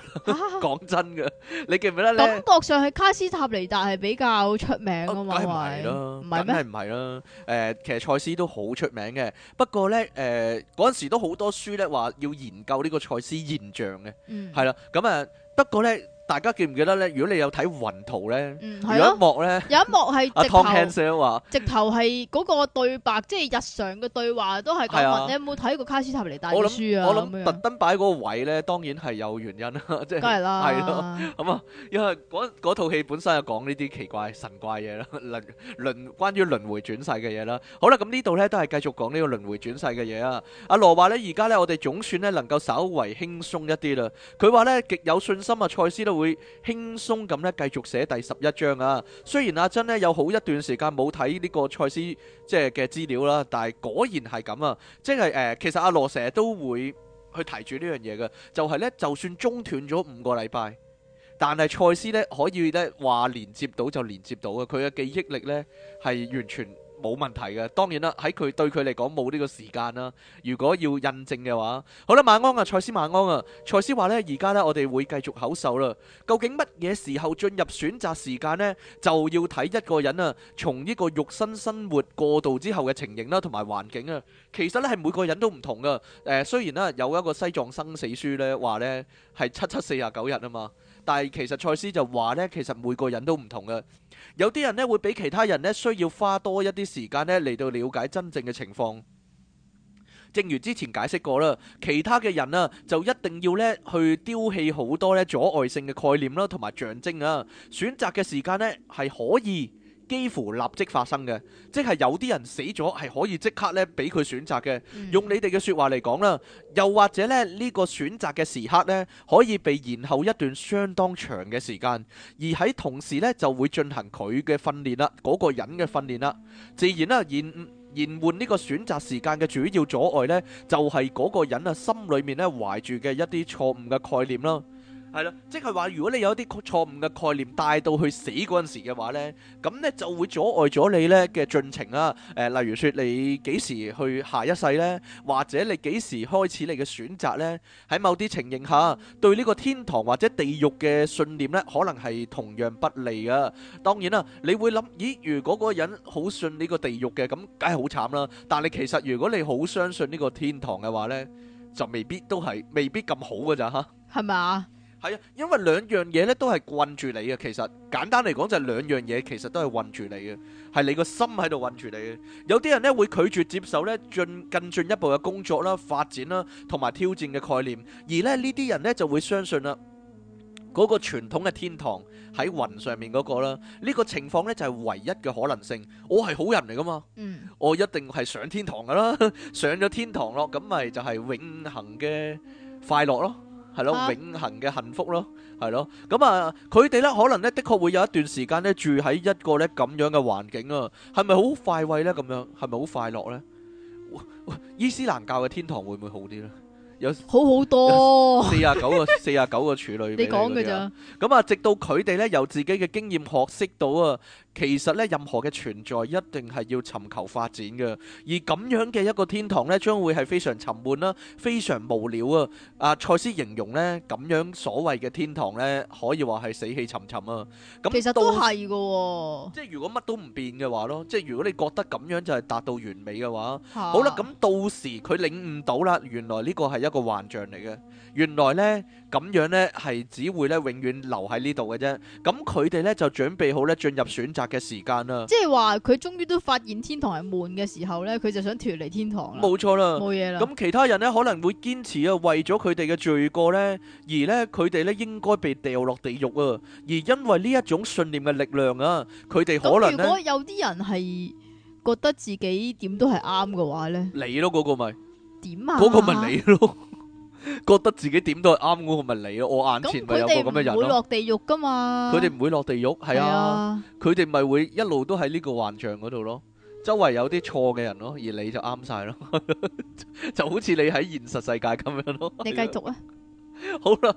講 真嘅的，啊、你記唔記得咧？感覺上係卡斯塔尼達係比較出名啊嘛，咪咯、啊，唔係咩？唔係咯，誒、呃，其實賽斯都好出名嘅。不過咧，誒嗰陣時都好多書咧話要研究呢個賽斯現象嘅，係啦、嗯。咁啊，不過咧。大家記唔記得咧？如果你有睇雲圖咧，有一幕咧、 啊，有一幕係阿 t 直頭係嗰個對白， 即係日常嘅對話都係亞，你有冇睇過卡斯塔尼達書、啊、我諗特登擺嗰個位咧，當然係有原因啦，即係梗係啦，係咯，咁啊、嗯，因為嗰套戲本身係講呢啲奇怪神怪嘢啦， 輪輪關於輪迴轉世嘅嘢啦。好啦，咁呢度咧都係繼續講呢個輪迴轉世嘅嘢啊。阿羅話咧，而家咧我哋總算咧能夠稍為輕鬆一啲啦。佢話咧極有信心啊，賽斯都。會輕鬆咁咧，繼續寫第十一章啊。雖然阿珍咧有好一段時間冇睇呢個賽斯即係嘅資料啦，但係果然係咁啊！即係誒、呃，其實阿羅成日都會去提住呢樣嘢嘅，就係、是、呢，就算中斷咗五個禮拜，但係賽斯咧可以咧話連接到就連接到嘅，佢嘅記憶力呢，係完全。冇問題嘅，當然啦，喺佢對佢嚟講冇呢個時間啦。如果要印證嘅話，好啦，晚安啊，賽斯晚安啊。賽斯話呢，而家呢，我哋會繼續口授啦。究竟乜嘢時候進入選擇時間呢？就要睇一個人啊，從呢個肉身生活過渡之後嘅情形啦、啊，同埋環境啊。其實呢，係每個人都唔同噶。誒、呃，雖然呢，有一個西藏生死書呢話呢，係七七四十九日啊嘛。但係其實賽斯就話呢，其實每個人都唔同嘅，有啲人呢會比其他人呢需要花多一啲時間呢嚟到了解真正嘅情況。正如之前解釋過啦，其他嘅人啊就一定要呢去丟棄好多呢阻礙性嘅概念啦，同埋象徵啊，選擇嘅時間呢係可以。幾乎立即發生嘅，即係有啲人死咗係可以即刻咧俾佢選擇嘅。用你哋嘅説話嚟講啦，又或者呢呢個選擇嘅時刻呢，可以被延後一段相當長嘅時間，而喺同時呢就會進行佢嘅訓練啦，嗰個人嘅訓練啦。自然啦，延延緩呢個選擇時間嘅主要阻礙呢，就係嗰個人啊，心裏面呢懷住嘅一啲錯誤嘅概念啦。係咯，即係話如果你有一啲錯誤嘅概念帶到去死嗰陣時嘅話呢，咁呢就會阻礙咗你呢嘅進程啊。誒、呃，例如說你幾時去下一世呢？或者你幾時開始你嘅選擇呢？喺某啲情形下，對呢個天堂或者地獄嘅信念呢，可能係同樣不利噶。當然啦，啊，你會諗咦？如果嗰個人好信呢個地獄嘅，咁梗係好慘啦。但係你其實如果你好相信呢個天堂嘅話呢，就未必都係未必咁好噶咋吓？係咪啊？係啊，因為兩樣嘢咧都係困住你嘅。其實簡單嚟講就兩樣嘢，其實都係困住你嘅，係你個心喺度困住你嘅。有啲人咧會拒絕接受咧進更進一步嘅工作啦、發展啦同埋挑戰嘅概念，而咧呢啲人咧就會相信啦嗰個傳統嘅天堂喺雲上面嗰個啦。呢個情況咧就係唯一嘅可能性。我係好人嚟噶嘛。嗯，我一定係上天堂噶啦，上咗天堂咯，咁咪就係永恆嘅快樂咯。係咯，永恒嘅幸福咯，係咯。咁、嗯、啊，佢哋咧可能咧的確會有一段時間咧住喺一個咧咁樣嘅環境啊，係咪好快慰咧？咁樣係咪好快樂咧？伊斯蘭教嘅天堂會唔會好啲咧？有好好多四十九個四十九個處女， 你講嘅咋？咁啊、嗯，直到佢哋咧由自己嘅經驗學識到啊。其實咧，任何嘅存在一定係要尋求發展嘅，而咁樣嘅一個天堂咧，將會係非常沉悶啦，非常無聊啊！啊，賽斯形容呢，咁樣所謂嘅天堂呢，可以話係死氣沉沉啊！咁其實、哦、都係嘅喎。即係如果乜都唔變嘅話咯，即係如果你覺得咁樣就係達到完美嘅話，啊、好啦，咁到時佢領悟到啦，原來呢個係一個幻象嚟嘅，原來呢。咁樣咧，係只會咧永遠留喺呢度嘅啫。咁佢哋咧就準備好咧進入選擇嘅時間啦。即係話佢終於都發現天堂係悶嘅時候咧，佢就想脫離天堂啦。冇錯啦，冇嘢啦。咁其他人咧可能會堅持啊，為咗佢哋嘅罪過咧，而咧佢哋咧應該被掉落地獄啊。而因為呢一種信念嘅力量啊，佢哋可能咧。如果有啲人係覺得自己點都係啱嘅話咧，你咯，嗰個咪？點啊？嗰個咪你咯。覺得自己點都係啱嘅，我咪你咯。我眼前咪有個咁嘅人咯。會落地獄噶嘛？佢哋唔會落地獄，係啊。佢哋咪會一路都喺呢個幻象嗰度咯。周圍有啲錯嘅人咯，而你就啱晒咯， 就好似你喺現實世界咁樣咯。啊，你繼續啊。好啦，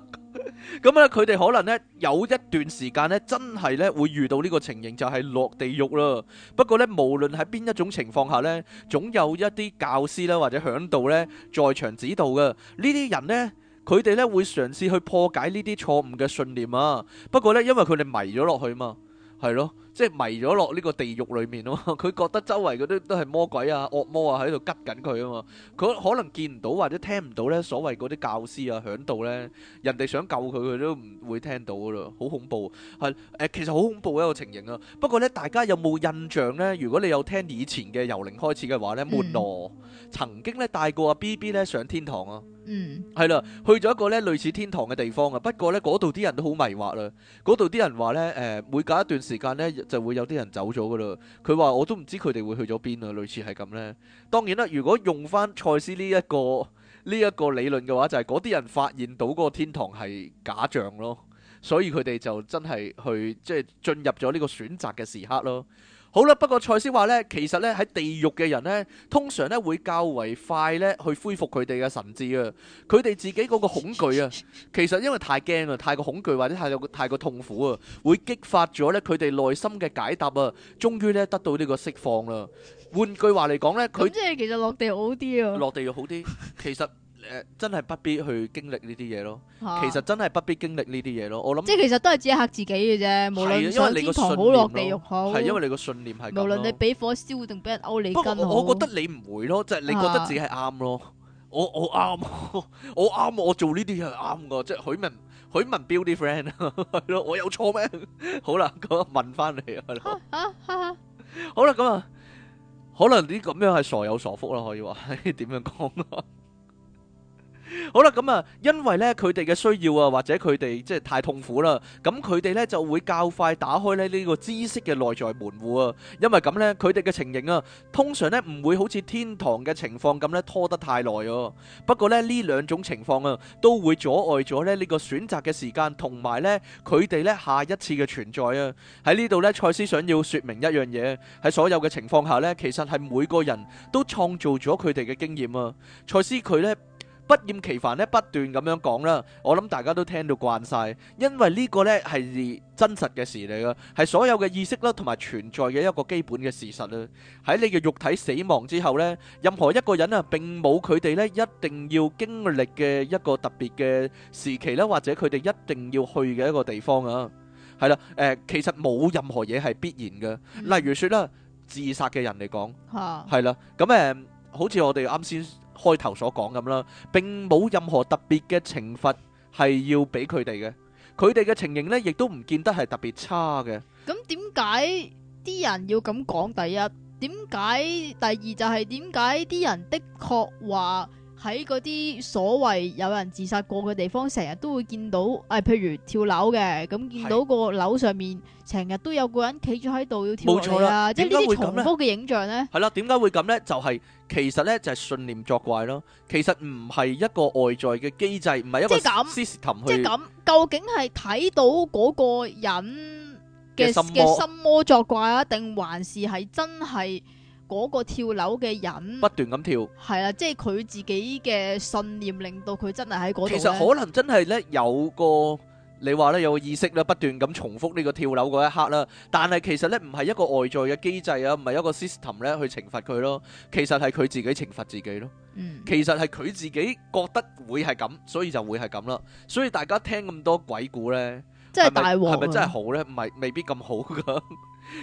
咁咧佢哋可能咧有一段時間咧，真係咧會遇到呢個情形，就係落地獄啦。不過咧，無論喺邊一種情況下咧，總有一啲教師啦，或者喺度咧在場指導嘅呢啲人呢，佢哋咧會嘗試去破解呢啲錯誤嘅信念啊。不過咧，因為佢哋迷咗落去嘛。係咯，即係迷咗落呢個地獄裏面啊！佢覺得周圍嗰啲都係魔鬼啊、惡魔啊喺度拮緊佢啊嘛！佢可能見唔到或者聽唔到呢所謂嗰啲教師啊喺度呢，人哋想救佢，佢都唔會聽到咯，好恐怖！係誒，其實好恐怖一個情形啊！不過呢，大家有冇印象呢？如果你有聽以前嘅由零開始嘅話呢，悶咯、嗯。曾經咧帶過阿 B B 咧上天堂啊，嗯，係啦，去咗一個咧類似天堂嘅地方啊。不過咧，嗰度啲人都好迷惑啦。嗰度啲人話咧，誒，每隔一段時間咧就會有啲人走咗噶啦。佢話我都唔知佢哋會去咗邊啊，類似係咁咧。當然啦，如果用翻賽斯呢一個呢一個理論嘅話，就係嗰啲人發現到個天堂係假象咯，所以佢哋就真係去即係進入咗呢個選擇嘅時刻咯。好啦，不過賽斯話呢，其實呢，喺地獄嘅人呢，通常呢會較為快呢去恢復佢哋嘅神智啊。佢哋自己嗰個恐懼啊，其實因為太驚啊，太過恐懼或者太太過痛苦啊，會激發咗呢佢哋內心嘅解答啊，終於呢得到呢個釋放啦。換句話嚟講呢，佢即係其實落地好啲啊，落地又好啲，其實。誒，真係不必去經歷呢啲嘢咯。其實真係不必經歷呢啲嘢咯。我諗即係其實都係自己吓自己嘅啫。無論你上天堂，好落地獄好。係因為你個信念係咁。無論你俾火燒定俾人勾你筋好。我覺得你唔會咯，即係你覺得自己係啱咯。我我啱，我啱，我做呢啲嘢係啱㗎。即係許文許文標啲 friend 係咯，我有錯咩？好啦，咁問翻你係咯。好啦，咁啊，可能呢咁樣係傻有傻福啦。可以話點樣講？好啦，咁啊，因為咧，佢哋嘅需要啊，或者佢哋即係太痛苦啦，咁佢哋咧就會較快打開咧呢個知識嘅內在門戶啊。因為咁咧，佢哋嘅情形啊，通常咧唔會好似天堂嘅情況咁咧拖得太耐。不過咧呢兩種情況啊，都會阻礙咗咧呢個選擇嘅時間，同埋咧佢哋咧下一次嘅存在啊。喺呢度咧，賽斯想要說明一樣嘢，喺所有嘅情況下咧，其實係每個人都創造咗佢哋嘅經驗啊。賽斯佢咧。不厭其煩咧，不斷咁樣講啦。我諗大家都聽到慣晒，因為呢個咧係真實嘅事嚟噶，係所有嘅意識啦同埋存在嘅一個基本嘅事實啦。喺你嘅肉體死亡之後咧，任何一個人啊並冇佢哋咧一定要經歷嘅一個特別嘅時期咧，或者佢哋一定要去嘅一個地方啊。係啦，誒其實冇任何嘢係必然嘅。例如說啦，自殺嘅人嚟講，係啦，咁誒好似我哋啱先。開頭所講咁啦，並冇任何特別嘅懲罰係要俾佢哋嘅，佢哋嘅情形呢，亦都唔見得係特別差嘅。咁點解啲人要咁講？第一，點解？第二就係點解啲人的確話。喺嗰啲所謂有人自殺過嘅地方，成日都會見到，誒，譬如跳樓嘅，咁見到個樓上面，成日都有個人企住喺度要跳樓啊！冇錯啦，即係呢啲重複嘅影像咧，係啦，點解會咁咧？就係其實咧，就係信念作怪咯。其實唔係一個外在嘅機制，唔係一個 system 去。即係咁，即係咁，究竟係睇到嗰個人嘅心嘅心魔作怪，定還是係真係？嗰個跳樓嘅人不斷咁跳，係啊，即係佢自己嘅信念，令到佢真係喺嗰度咧。其實可能真係咧，有個你話咧，有個意識咧不斷咁重複呢個跳樓嗰一刻啦，但係其實咧唔係一個外在嘅機制啊，唔係一個 system 咧去懲罰佢咯，其實係佢自己懲罰自己咯。嗯，其實係佢自己覺得會係咁，所以就會係咁啦。所以大家聽咁多鬼故咧，真係大鑊，係咪真係好咧？唔係，未必咁好噶。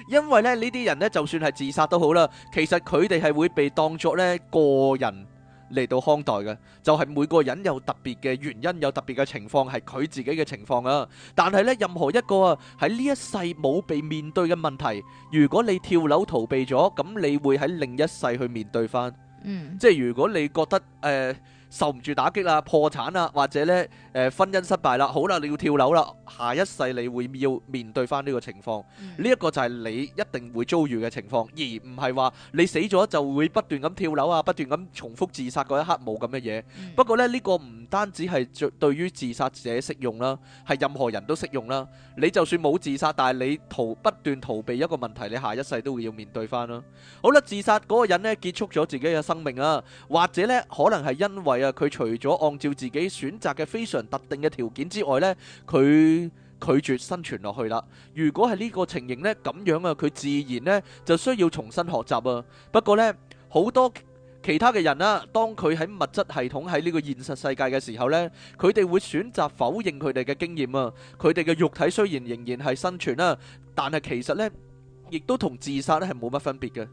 因為咧呢啲人咧，就算係自殺都好啦，其實佢哋係會被當作呢個人嚟到看待嘅，就係、是、每個人有特別嘅原因，有特別嘅情況係佢自己嘅情況啊。但係呢，任何一個喺呢一世冇被面對嘅問題，如果你跳樓逃避咗，咁你會喺另一世去面對翻。嗯、即係如果你覺得誒。呃受唔住打擊啦，破產啦，或者咧誒婚姻失敗啦，好啦，你要跳樓啦，下一世你會要面對返呢個情況，呢一個就係你一定會遭遇嘅情況，而唔係話你死咗就會不斷咁跳樓啊，不斷咁重複自殺嗰一刻，冇咁嘅嘢。不過咧，呢個唔單止係對於自殺者適用啦，係任何人都適用啦。你就算冇自殺，但係你逃不斷逃避一個問題，你下一世都會要面對返啦。好啦，自殺嗰個人咧，結束咗自己嘅生命啊，或者咧可能係因為。佢除咗按照自己選擇嘅非常特定嘅條件之外呢，佢拒絕生存落去啦。如果係呢個情形呢，咁樣啊，佢自然呢就需要重新學習啊。不過呢，好多其他嘅人啦，當佢喺物質系統喺呢個現實世界嘅時候呢，佢哋會選擇否認佢哋嘅經驗啊。佢哋嘅肉體雖然仍然係生存啦，但係其實呢，亦都同自殺呢係冇乜分別嘅。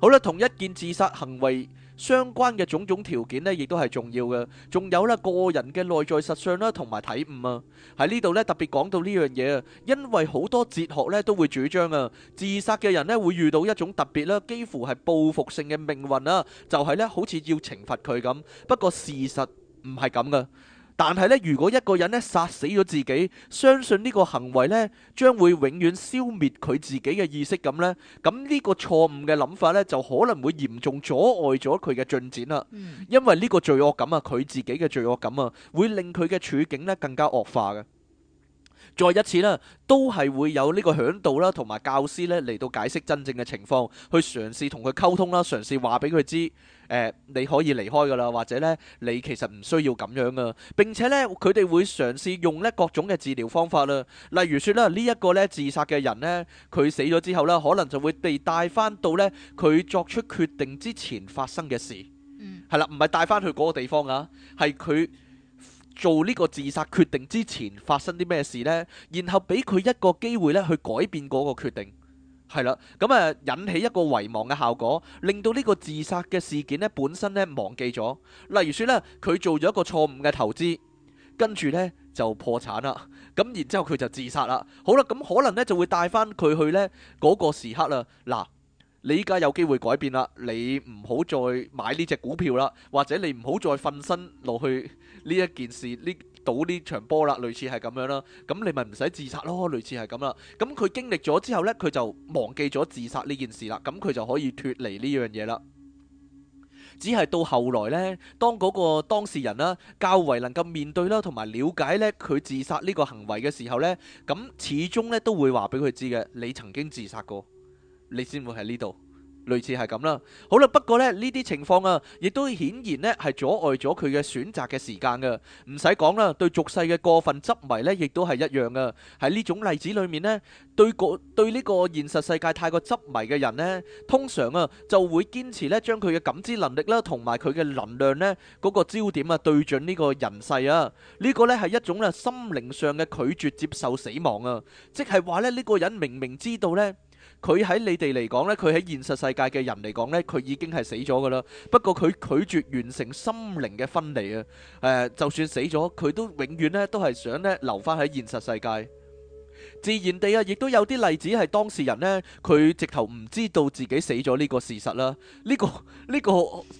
好啦，同一件自殺行為。相關嘅種種條件呢，亦都係重要嘅。仲有呢個人嘅內在實相啦，同埋體悟啊。喺呢度呢，特別講到呢樣嘢啊，因為好多哲學呢都會主張啊，自殺嘅人呢會遇到一種特別啦，幾乎係報復性嘅命運啊，就係呢好似要懲罰佢咁。不過事實唔係咁嘅。但係呢，如果一個人咧殺死咗自己，相信呢個行為咧，將會永遠消滅佢自己嘅意識咁呢，咁呢個錯誤嘅諗法呢，就可能會嚴重阻礙咗佢嘅進展啦。因為呢個罪惡感啊，佢自己嘅罪惡感啊，會令佢嘅處境咧更加惡化嘅。再一次呢，都係會有呢個響度啦，同埋教師咧嚟到解釋真正嘅情況，去嘗試同佢溝通啦，嘗試話俾佢知。誒、呃，你可以離開噶啦，或者呢，你其實唔需要咁樣啊。並且呢，佢哋會嘗試用呢各種嘅治療方法啦。例如説呢，呢、這、一個呢自殺嘅人呢，佢死咗之後呢，可能就會被帶翻到呢佢作出決定之前發生嘅事。嗯，係啦，唔係帶翻去嗰個地方啊，係佢做呢個自殺決定之前發生啲咩事呢，然後俾佢一個機會呢去改變嗰個決定。係啦，咁啊引起一個遺忘嘅效果，令到呢個自殺嘅事件呢本身呢忘記咗。例如說呢，佢做咗一個錯誤嘅投資，跟住呢就破產啦。咁然之後佢就自殺啦。好啦，咁可能呢就會帶翻佢去呢嗰個時刻啦。嗱，你依家有機會改變啦，你唔好再買呢隻股票啦，或者你唔好再瞓身落去呢一件事呢。到呢場波啦，類似係咁樣啦，咁你咪唔使自殺咯，類似係咁啦，咁佢經歷咗之後呢，佢就忘記咗自殺呢件事啦，咁佢就可以脫離呢樣嘢啦。只係到後來呢，當嗰個當事人啦較為能夠面對啦，同埋了解呢佢自殺呢個行為嘅時候呢，咁始終呢都會話俾佢知嘅，你曾經自殺過，你先會喺呢度。類似係咁啦，好啦，不過呢，呢啲情況啊，亦都顯然呢係阻礙咗佢嘅選擇嘅時間噶，唔使講啦。對俗世嘅過分執迷呢，亦都係一樣噶。喺呢種例子裏面呢，對個對呢個現實世界太過執迷嘅人呢，通常啊就會堅持呢將佢嘅感知能力啦，同埋佢嘅能量呢嗰個焦點啊，對準呢個人世啊，呢個呢係一種呢心靈上嘅拒絕接受死亡啊，即係話呢，呢個人明明知道呢。佢喺你哋嚟講咧，佢喺現實世界嘅人嚟講咧，佢已經係死咗㗎啦。不過佢拒絕完成心靈嘅分離啊。誒，就算死咗，佢都永遠咧都係想咧留返喺現實世界。自然地啊，亦都有啲例子係當事人咧，佢直頭唔知道自己死咗呢個事實啦。呢個呢個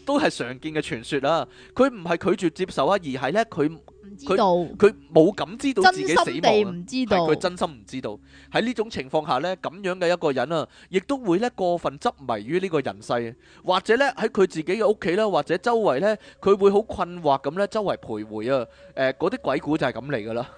都係常見嘅傳說啦。佢唔係拒絕接受啊，而係咧佢。佢佢冇感知到自己死亡啊，但係佢真心唔知道。喺呢種情況下咧，咁樣嘅一個人啊，亦都會咧過分執迷於呢個人世，或者咧喺佢自己嘅屋企啦，或者周圍咧，佢會好困惑咁咧，周圍徘徊啊，誒，嗰啲鬼故就係咁嚟噶啦。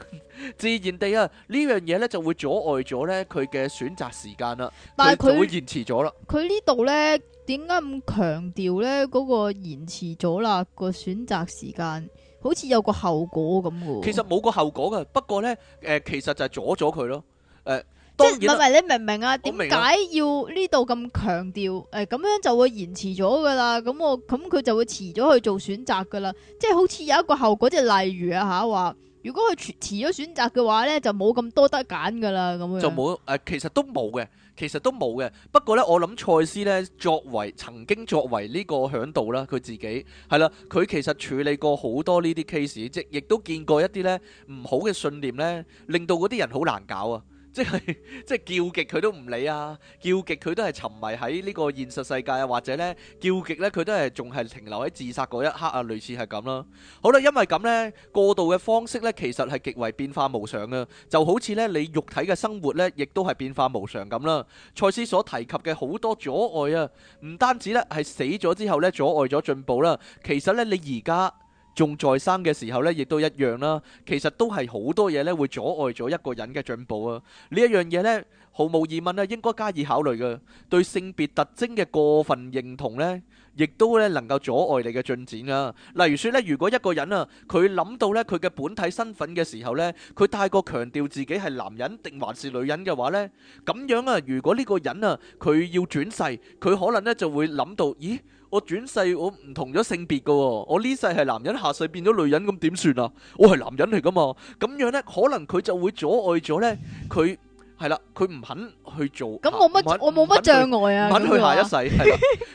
自然地啊，呢樣嘢咧就會阻礙咗咧佢嘅選擇時間啦，但係佢會延遲咗啦。佢呢度咧點解咁強調咧嗰個延遲咗啦個選擇時間？好似有個後果咁嘅，其實冇個後果嘅。不過咧，誒、呃，其實就係阻咗佢咯。誒、呃，即係唔係你明唔明啊？點解要呢度咁強調？誒、啊哎，咁樣就會延遲咗噶啦。咁我咁佢就會遲咗去做選擇噶啦。即係好似有一個後果，即係例如啊吓，話如果佢遲遲咗選擇嘅話咧，就冇咁多得揀噶啦。咁樣就冇誒、呃，其實都冇嘅。其實都冇嘅，不過呢，我諗賽斯呢，作為曾經作為呢個嚮導啦，佢自己係啦，佢其實處理過好多呢啲 case，即亦都見過一啲呢唔好嘅信念呢，令到嗰啲人好難搞啊！即係即係叫極佢都唔理啊，叫極佢都係沉迷喺呢個現實世界啊，或者呢，叫極呢佢都係仲係停留喺自殺嗰一刻啊，類似係咁啦。好啦，因為咁呢，過渡嘅方式呢，其實係極為變化無常嘅，就好似呢，你肉體嘅生活呢，亦都係變化無常咁啦。賽斯所提及嘅好多阻礙啊，唔單止呢，係死咗之後呢，阻礙咗進步啦，其實呢，你而家。仲在生嘅時候咧，亦都一樣啦。其實都係好多嘢咧，會阻礙咗一個人嘅進步啊。呢一樣嘢咧，毫無疑問咧，應該加以考慮嘅。對性別特徵嘅過分認同咧，亦都咧能夠阻礙你嘅進展啊。例如說咧，如果一個人啊，佢諗到咧佢嘅本體身份嘅時候咧，佢太過強調自己係男人定還是女人嘅話咧，咁樣啊，如果呢個人啊，佢要轉世，佢可能咧就會諗到，咦？我轉世我唔同咗性別噶，我呢、哦、世係男人，下世變咗女人，咁點算啊？我係男人嚟噶嘛？咁樣咧，可能佢就會阻礙咗咧。佢係啦，佢唔肯去做。咁冇乜我冇乜障礙啊？肯去下一世，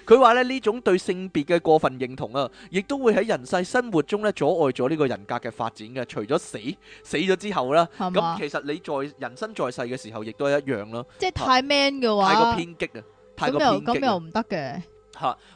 佢話咧呢種對性別嘅過分認同啊，亦都會喺人世生活中咧阻礙咗呢個人格嘅發展嘅、啊。除咗死死咗之後啦、啊，咁嗎其實你在人生在世嘅時候，亦都係一樣啦、啊。啊、即係太 man 嘅話太，太過偏激啊！太過偏激啊！咁又唔得嘅。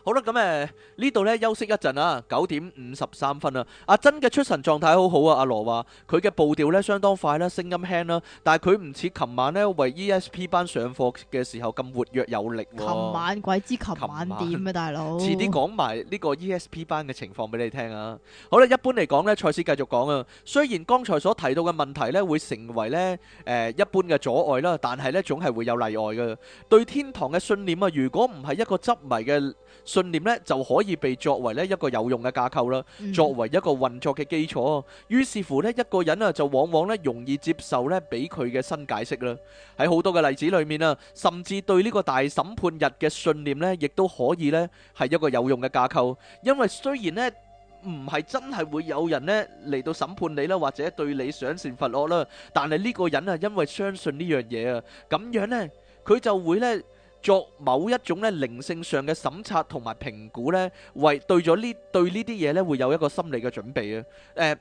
好啦，咁誒、啊嗯、呢度咧休息一陣啊。九點五十三分啊，阿珍嘅出神狀態好好啊羅，阿羅話佢嘅步調咧相當快啦，聲音輕啦，但係佢唔似琴晚咧為 E S P 班上課嘅時候咁活躍有力、哦。琴晚鬼知琴晚點晚啊，大佬。遲啲講埋呢個 E S P 班嘅情況俾你聽啊。好啦，一般嚟講呢，賽斯繼續講啊。雖然剛才所提到嘅問題咧會成為呢誒、呃、一般嘅阻礙啦，但係呢總係會有例外噶。對天堂嘅信念啊，如果唔係一個執迷嘅。信念咧就可以被作為咧一個有用嘅架構啦，作為一個運作嘅基礎。於是乎咧，一個人啊就往往咧容易接受咧俾佢嘅新解釋啦。喺好多嘅例子裏面啊，甚至對呢個大審判日嘅信念咧，亦都可以咧係一個有用嘅架構。因為雖然咧唔係真係會有人咧嚟到審判你啦，或者對你賞善罰惡啦，但係呢個人啊因為相信呢樣嘢啊，咁樣咧佢就會咧。作某一種咧靈性上嘅審查同埋評估咧，為對咗呢，對呢啲嘢咧，會有一個心理嘅準備啊！誒、呃。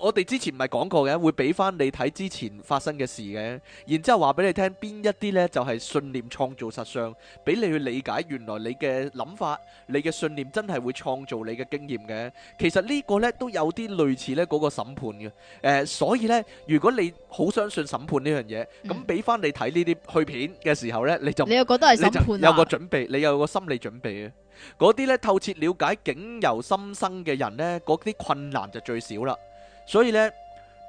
我哋之前唔係講過嘅，會俾翻你睇之前發生嘅事嘅，然之後話俾你聽邊一啲呢？就係信念創造實相，俾你去理解原來你嘅諗法，你嘅信念真係會創造你嘅經驗嘅。其實呢個呢，都有啲類似呢嗰個審判嘅。誒、呃，所以呢，如果你好相信審判呢樣嘢，咁俾翻你睇呢啲去片嘅時候呢，你就你又覺得係審判，有個準備，你有個心理準備啊。嗰啲呢，透徹了解境由心生嘅人呢，嗰啲困難就最少啦。所以咧，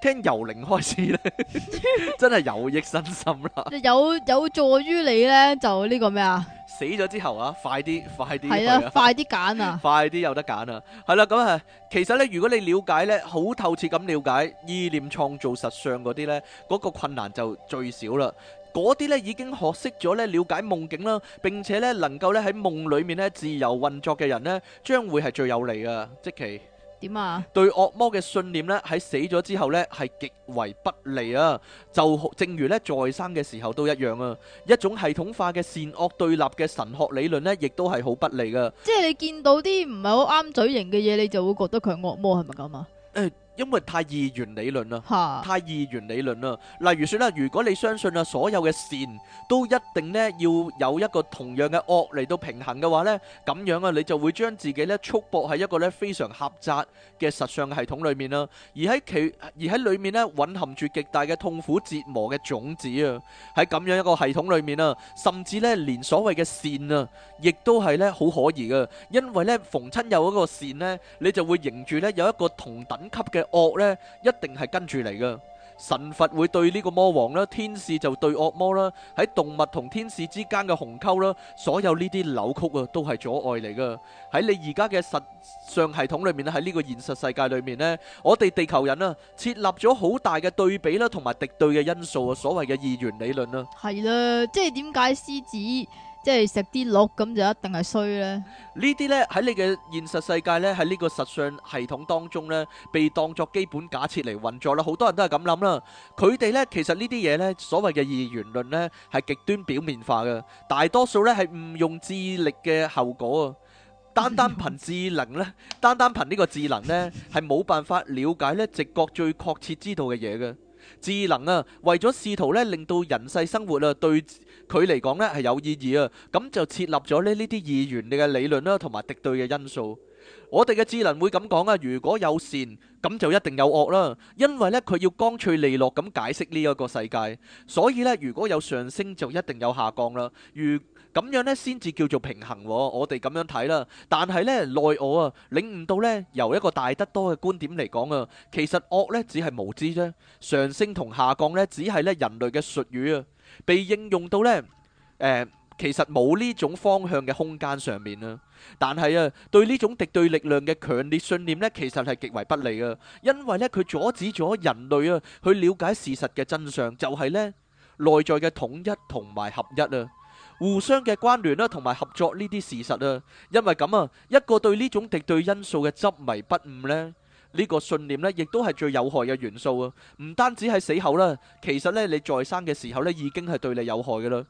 聽由零開始咧， 真係有益身心啦。 有有助於你咧，就呢個咩啊？死咗之後啊，快啲，快啲係啦，快啲揀啊！快啲有得揀啊！係啦、啊，咁 啊，啊、嗯，其實咧，如果你了解咧，好透徹咁了解意念創造實相嗰啲咧，嗰、嗰個困難就最少啦。嗰啲咧已經學識咗咧，了解夢境啦，並且咧能夠咧喺夢裏面咧自由運作嘅人咧，將會係最有利噶，即其。點啊？對惡魔嘅信念咧，喺死咗之後咧係極為不利啊！就正如咧在生嘅時候都一樣啊！一種系統化嘅善惡對立嘅神學理論咧，亦都係好不利噶。即係你見到啲唔係好啱嘴型嘅嘢，你就會覺得佢係惡魔，係咪咁啊？誒、呃。因為太二元理論，太二元理論，例如說，如果你相信所有嘅善都一定要有一個同樣嘅惡嚟到平衡嘅話，咁樣你就會將自己束縛喺一個非常惡呢，一定係跟住嚟噶，神佛會對呢個魔王啦，天使就對惡魔啦，喺動物同天使之間嘅鴻溝啦，所有呢啲扭曲啊，都係阻礙嚟噶。喺你而家嘅實相系統裏面，喺呢個現實世界裏面呢，我哋地球人啊，設立咗好大嘅對比啦，同埋敵對嘅因素啊，所謂嘅二元理論啦，係啦，即係點解獅子？即係食啲六咁就一定係衰咧？呢啲咧喺你嘅現實世界咧，喺呢個實相系統當中咧，被當作基本假設嚟運作啦。好多人都係咁諗啦。佢哋咧其實呢啲嘢咧，所謂嘅二元論咧係極端表面化嘅，大多數咧係誤用智力嘅後果啊！單單憑智能咧，單單憑呢個智能咧，係冇辦法了解咧，直覺最確切知道嘅嘢嘅。智能啊，為咗試圖咧令到人世生活啊對。佢嚟講咧係有意義啊，咁就設立咗咧呢啲二元嘅理論啦，同埋敵對嘅因素。我哋嘅智能會咁講啊，如果有善，咁就一定有惡啦。因為咧佢要乾脆利落咁解釋呢一個世界，所以咧如果有上升就一定有下降啦。如咁樣咧先至叫做平衡。我哋咁樣睇啦，但係咧內我啊領悟到咧，由一個大得多嘅觀點嚟講啊，其實惡咧只係無知啫，上升同下降咧只係咧人類嘅術語啊。被應用到咧，誒，其實冇呢種方向嘅空間上面啦。但係啊，對呢種敵對力量嘅強烈信念咧，其實係極為不利噶，因為咧佢阻止咗人類啊去了解事實嘅真相，就係咧內在嘅統一同埋合一啊，互相嘅關聯啦，同埋合作呢啲事實啊。因為咁啊，一個對呢種敵對因素嘅執迷不悟咧。呢個信念咧，亦都係最有害嘅元素啊！唔單止係死後啦，其實咧你在生嘅時候咧，已經係對你有害嘅啦。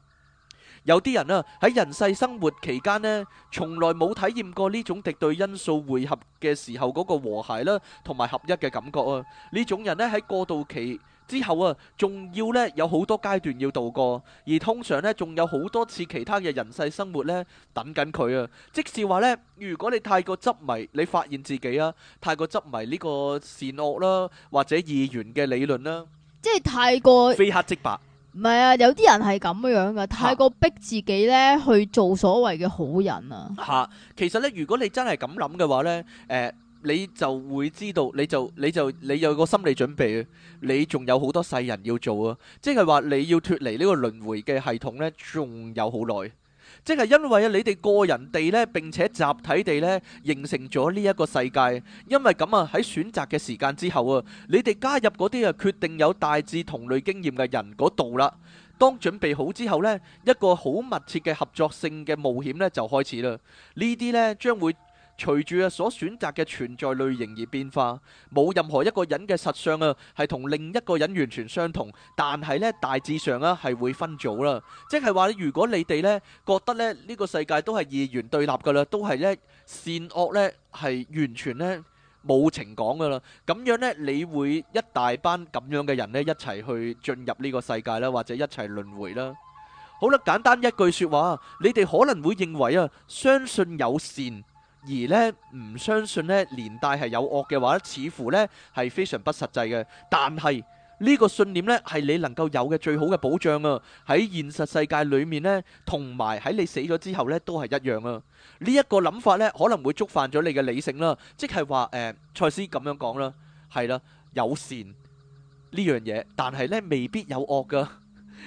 有啲人啊，喺人世生活期間咧，從來冇體驗過呢種敵對因素匯合嘅時候嗰個和諧啦，同埋合一嘅感覺啊！呢種人咧喺過渡期。之後啊，仲要咧有好多階段要度過，而通常咧仲有好多次其他嘅人世生活咧等緊佢啊。即是話咧，如果你太過執迷，你發現自己啊，太過執迷呢個善惡啦，或者二元嘅理論啦，即係太過非黑即白。唔係啊，有啲人係咁樣噶，太過逼自己咧去做所謂嘅好人啊。吓，其實咧，如果你真係咁諗嘅話咧，誒。你就會知道，你就你就你有個心理準備啊！你仲有好多世人要做啊，即係話你要脫離呢個輪迴嘅系統咧，仲有好耐。即係因為啊，你哋個人地咧，並且集體地咧，形成咗呢一個世界。因為咁啊，喺選擇嘅時間之後啊，你哋加入嗰啲啊，決定有大致同類經驗嘅人嗰度啦。當準備好之後咧，一個好密切嘅合作性嘅冒險咧，就開始啦。呢啲咧將會。隨住啊所選擇嘅存在類型而變化，冇任何一個人嘅實相啊係同另一個人完全相同，但係咧大致上啦係會分組啦，即係話咧，如果你哋咧覺得咧呢個世界都係二元對立噶啦，都係咧善惡咧係完全咧冇情講噶啦，咁樣咧，你會一大班咁樣嘅人咧一齊去進入呢個世界啦，或者一齊輪回啦。好啦，簡單一句說話，你哋可能會認為啊，相信有善。而呢，唔相信呢，年代係有惡嘅話，似乎呢，係非常不實際嘅。但係呢個信念呢，係你能夠有嘅最好嘅保障啊！喺現實世界裏面呢，同埋喺你死咗之後呢，都係一樣啊！呢一個諗法呢，可能會觸犯咗你嘅理性啦，即係話誒，賽斯咁樣講啦，係啦，有善呢樣嘢，但係呢未必有惡㗎。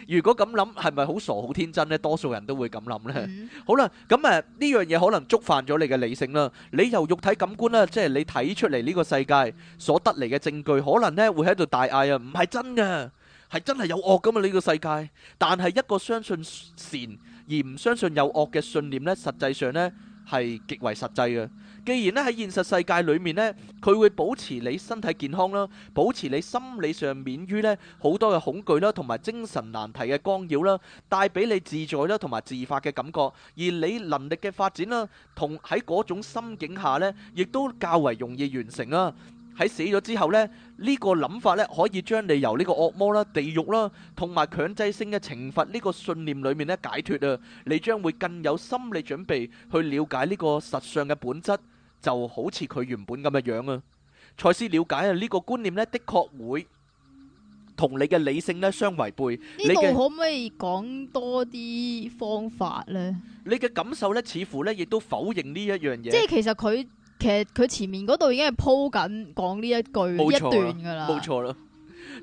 如果咁諗，係咪好傻好天真呢？多數人都會咁諗呢。 好啦，咁誒呢樣嘢可能觸犯咗你嘅理性啦。你由肉體感官啦，即係你睇出嚟呢個世界所得嚟嘅證據，可能呢會喺度大嗌啊！唔係真嘅，係真係有惡噶嘛呢個世界。但係一個相信善而唔相信有惡嘅信念呢，實際上呢。係極為實際嘅。既然咧，喺現實世界裏面呢，佢會保持你身體健康啦，保持你心理上免於咧好多嘅恐懼啦，同埋精神難題嘅干擾啦，帶俾你自在啦同埋自發嘅感覺，而你能力嘅發展啦，同喺嗰種心境下呢，亦都較為容易完成啊。喺死咗之後咧，呢個諗法咧可以將你由呢個惡魔啦、地獄啦，同埋強制性嘅懲罰呢個信念裏面咧解脫啊！你將會更有心理準備去了解呢個實相嘅本質，就好似佢原本咁嘅樣啊！賽斯了解啊，呢個觀念咧的確會同你嘅理性咧相違背。呢度可唔可以講多啲方法咧？你嘅感受咧，似乎咧亦都否認呢一樣嘢。即係其實佢。其實佢前面嗰度已經係鋪緊講呢一句一段噶啦，冇錯啦。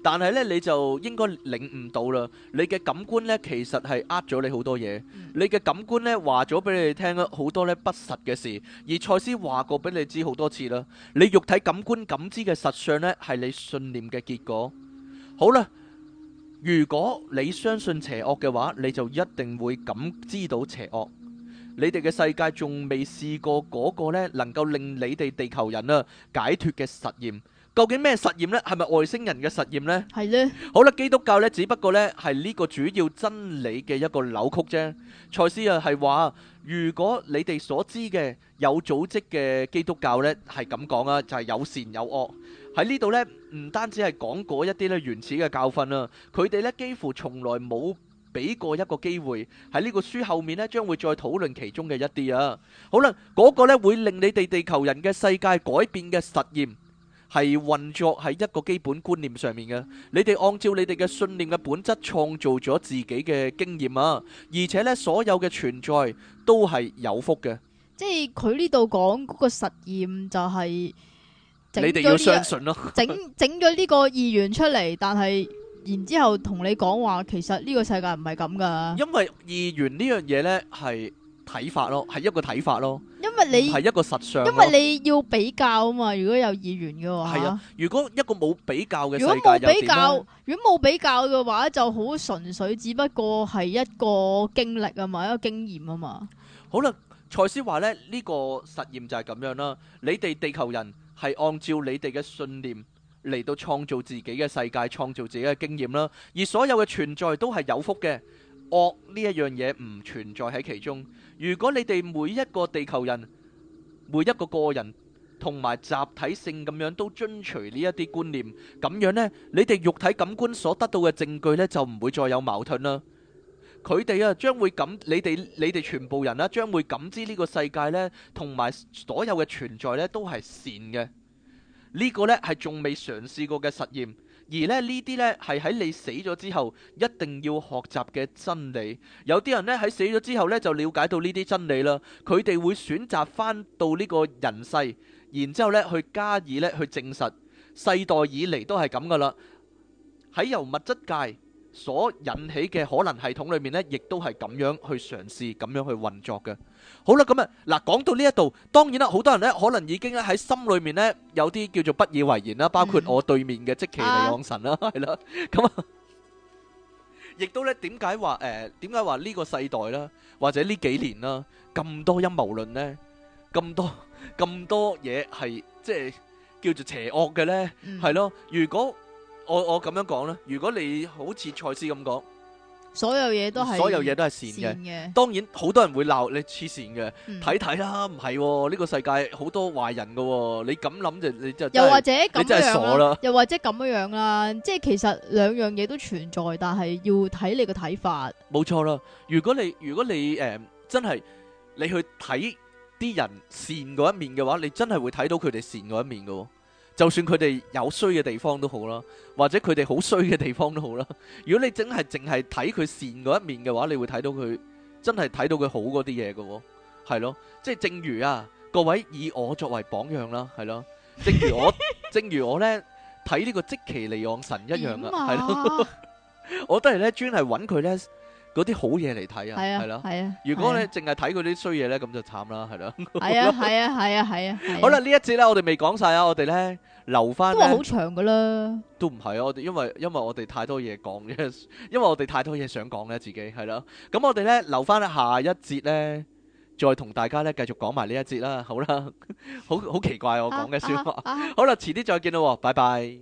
但係呢你就應該領悟到啦。你嘅感官呢其實係呃咗你好多嘢。嗯、你嘅感官呢話咗俾你聽好多呢不實嘅事。而賽斯話過俾你知好多次啦。你肉體感官感知嘅實相呢係你信念嘅結果。好啦，如果你相信邪惡嘅話，你就一定會感知到邪惡。你哋嘅世界仲未試過嗰個咧，能夠令你哋地球人啊解脫嘅實驗，究竟咩實驗咧？係咪外星人嘅實驗咧？係咧。好啦，基督教咧只不過咧係呢個主要真理嘅一個扭曲啫。賽斯啊係話，如果你哋所知嘅有組織嘅基督教咧係咁講啊，就係有善有惡。喺呢度咧唔單止係講嗰一啲咧原始嘅教訓啊，佢哋咧幾乎從來冇。俾過一個機會喺呢個書後面咧，將會再討論其中嘅一啲啊。好啦，嗰個咧會令你哋地球人嘅世界改變嘅實驗，係運作喺一個基本觀念上面嘅。你哋按照你哋嘅信念嘅本質創造咗自己嘅經驗啊，而且咧所有嘅存在都係有福嘅。即係佢呢度講嗰個實驗就係，你哋要相信咯，整整咗呢個意願出嚟，但係。然之後同你講話，其實呢個世界唔係咁噶。因為二元呢樣嘢呢係睇法咯，係一個睇法咯。因為你係一個實相。因為你要比較啊嘛，如果有二元嘅話。係啊，如果一個冇比較嘅。如果冇比較，如，如果冇比較嘅話，就好純粹，只不過係一個經歷啊嘛，一個經驗啊嘛。好啦，賽斯話呢，呢、呢個實驗就係咁樣啦。你哋地球人係按照你哋嘅信念。嚟到創造自己嘅世界，創造自己嘅經驗啦。而所有嘅存在都係有福嘅，惡呢一樣嘢唔存在喺其中。如果你哋每一個地球人、每一個個人同埋集體性咁樣都遵循呢一啲觀念，咁樣咧，你哋肉體感官所得到嘅證據咧，就唔會再有矛盾啦。佢哋啊，將會感你哋你哋全部人啦，將會感知呢個世界咧，同埋所有嘅存在咧，都係善嘅。呢個咧係仲未嘗試過嘅實驗，而咧呢啲咧係喺你死咗之後一定要學習嘅真理。有啲人咧喺死咗之後咧就了解到呢啲真理啦，佢哋會選擇返到呢個人世，然之後咧去加以咧去證實。世代以嚟都係咁噶啦，喺由物質界所引起嘅可能系統裏面咧，亦都係咁樣去嘗試，咁樣去運作嘅。好啦，咁啊，嗱，講到呢一度，當然啦，好多人咧可能已經咧喺心裏面咧有啲叫做不以為然啦，包括我對面嘅即其利昂神啦，係啦，咁啊，亦都咧點解話誒？點解話呢個世代啦，或者呢幾年啦，咁多陰謀論咧，咁多咁多嘢係即係叫做邪惡嘅咧？係咯？如果我我咁樣講啦，如果你好似賽斯咁講，所有嘢都係所有嘢都係善嘅。當然，好多人會鬧你痴線嘅。睇睇啦，唔係喎，呢個世界好多壞人噶。你咁諗就你就又或者咁樣，你真係傻啦。又或者咁樣樣啦，即係其實兩樣嘢都存在，但係要睇你嘅睇法。冇錯啦。如果你如果你誒真係你去睇啲人善嗰一面嘅話，你真係會睇到佢哋善嗰一面噶喎。就算佢哋有衰嘅地方都好啦，或者佢哋好衰嘅地方都好啦。如果你真係淨係睇佢善嗰一面嘅話，你會睇到佢真係睇到佢好嗰啲嘢嘅喎，係咯。即係正如啊，各位以我作為榜樣啦，係咯。正如我， 正如我咧睇呢個即其離往神一樣啊，係咯、啊。是的 我都係咧專係揾佢咧。嗰啲好嘢嚟睇啊，係咯啦，係啊。如果你淨係睇佢啲衰嘢咧，咁、啊、就慘啦，係咯。係啊，係啊，係啊，係啊。好啦，呢一節咧，我哋未講晒啊，我哋咧留翻好長噶啦。都唔係啊，我哋因為因為我哋太多嘢講嘅，因為我哋太多嘢想講咧，自己係啦。咁我哋咧留翻下一節咧，再同大家咧繼續講埋呢一節啦。好啦，好好奇怪、啊啊、我講嘅說話。啊啊、好啦，遲啲再見啦，拜拜。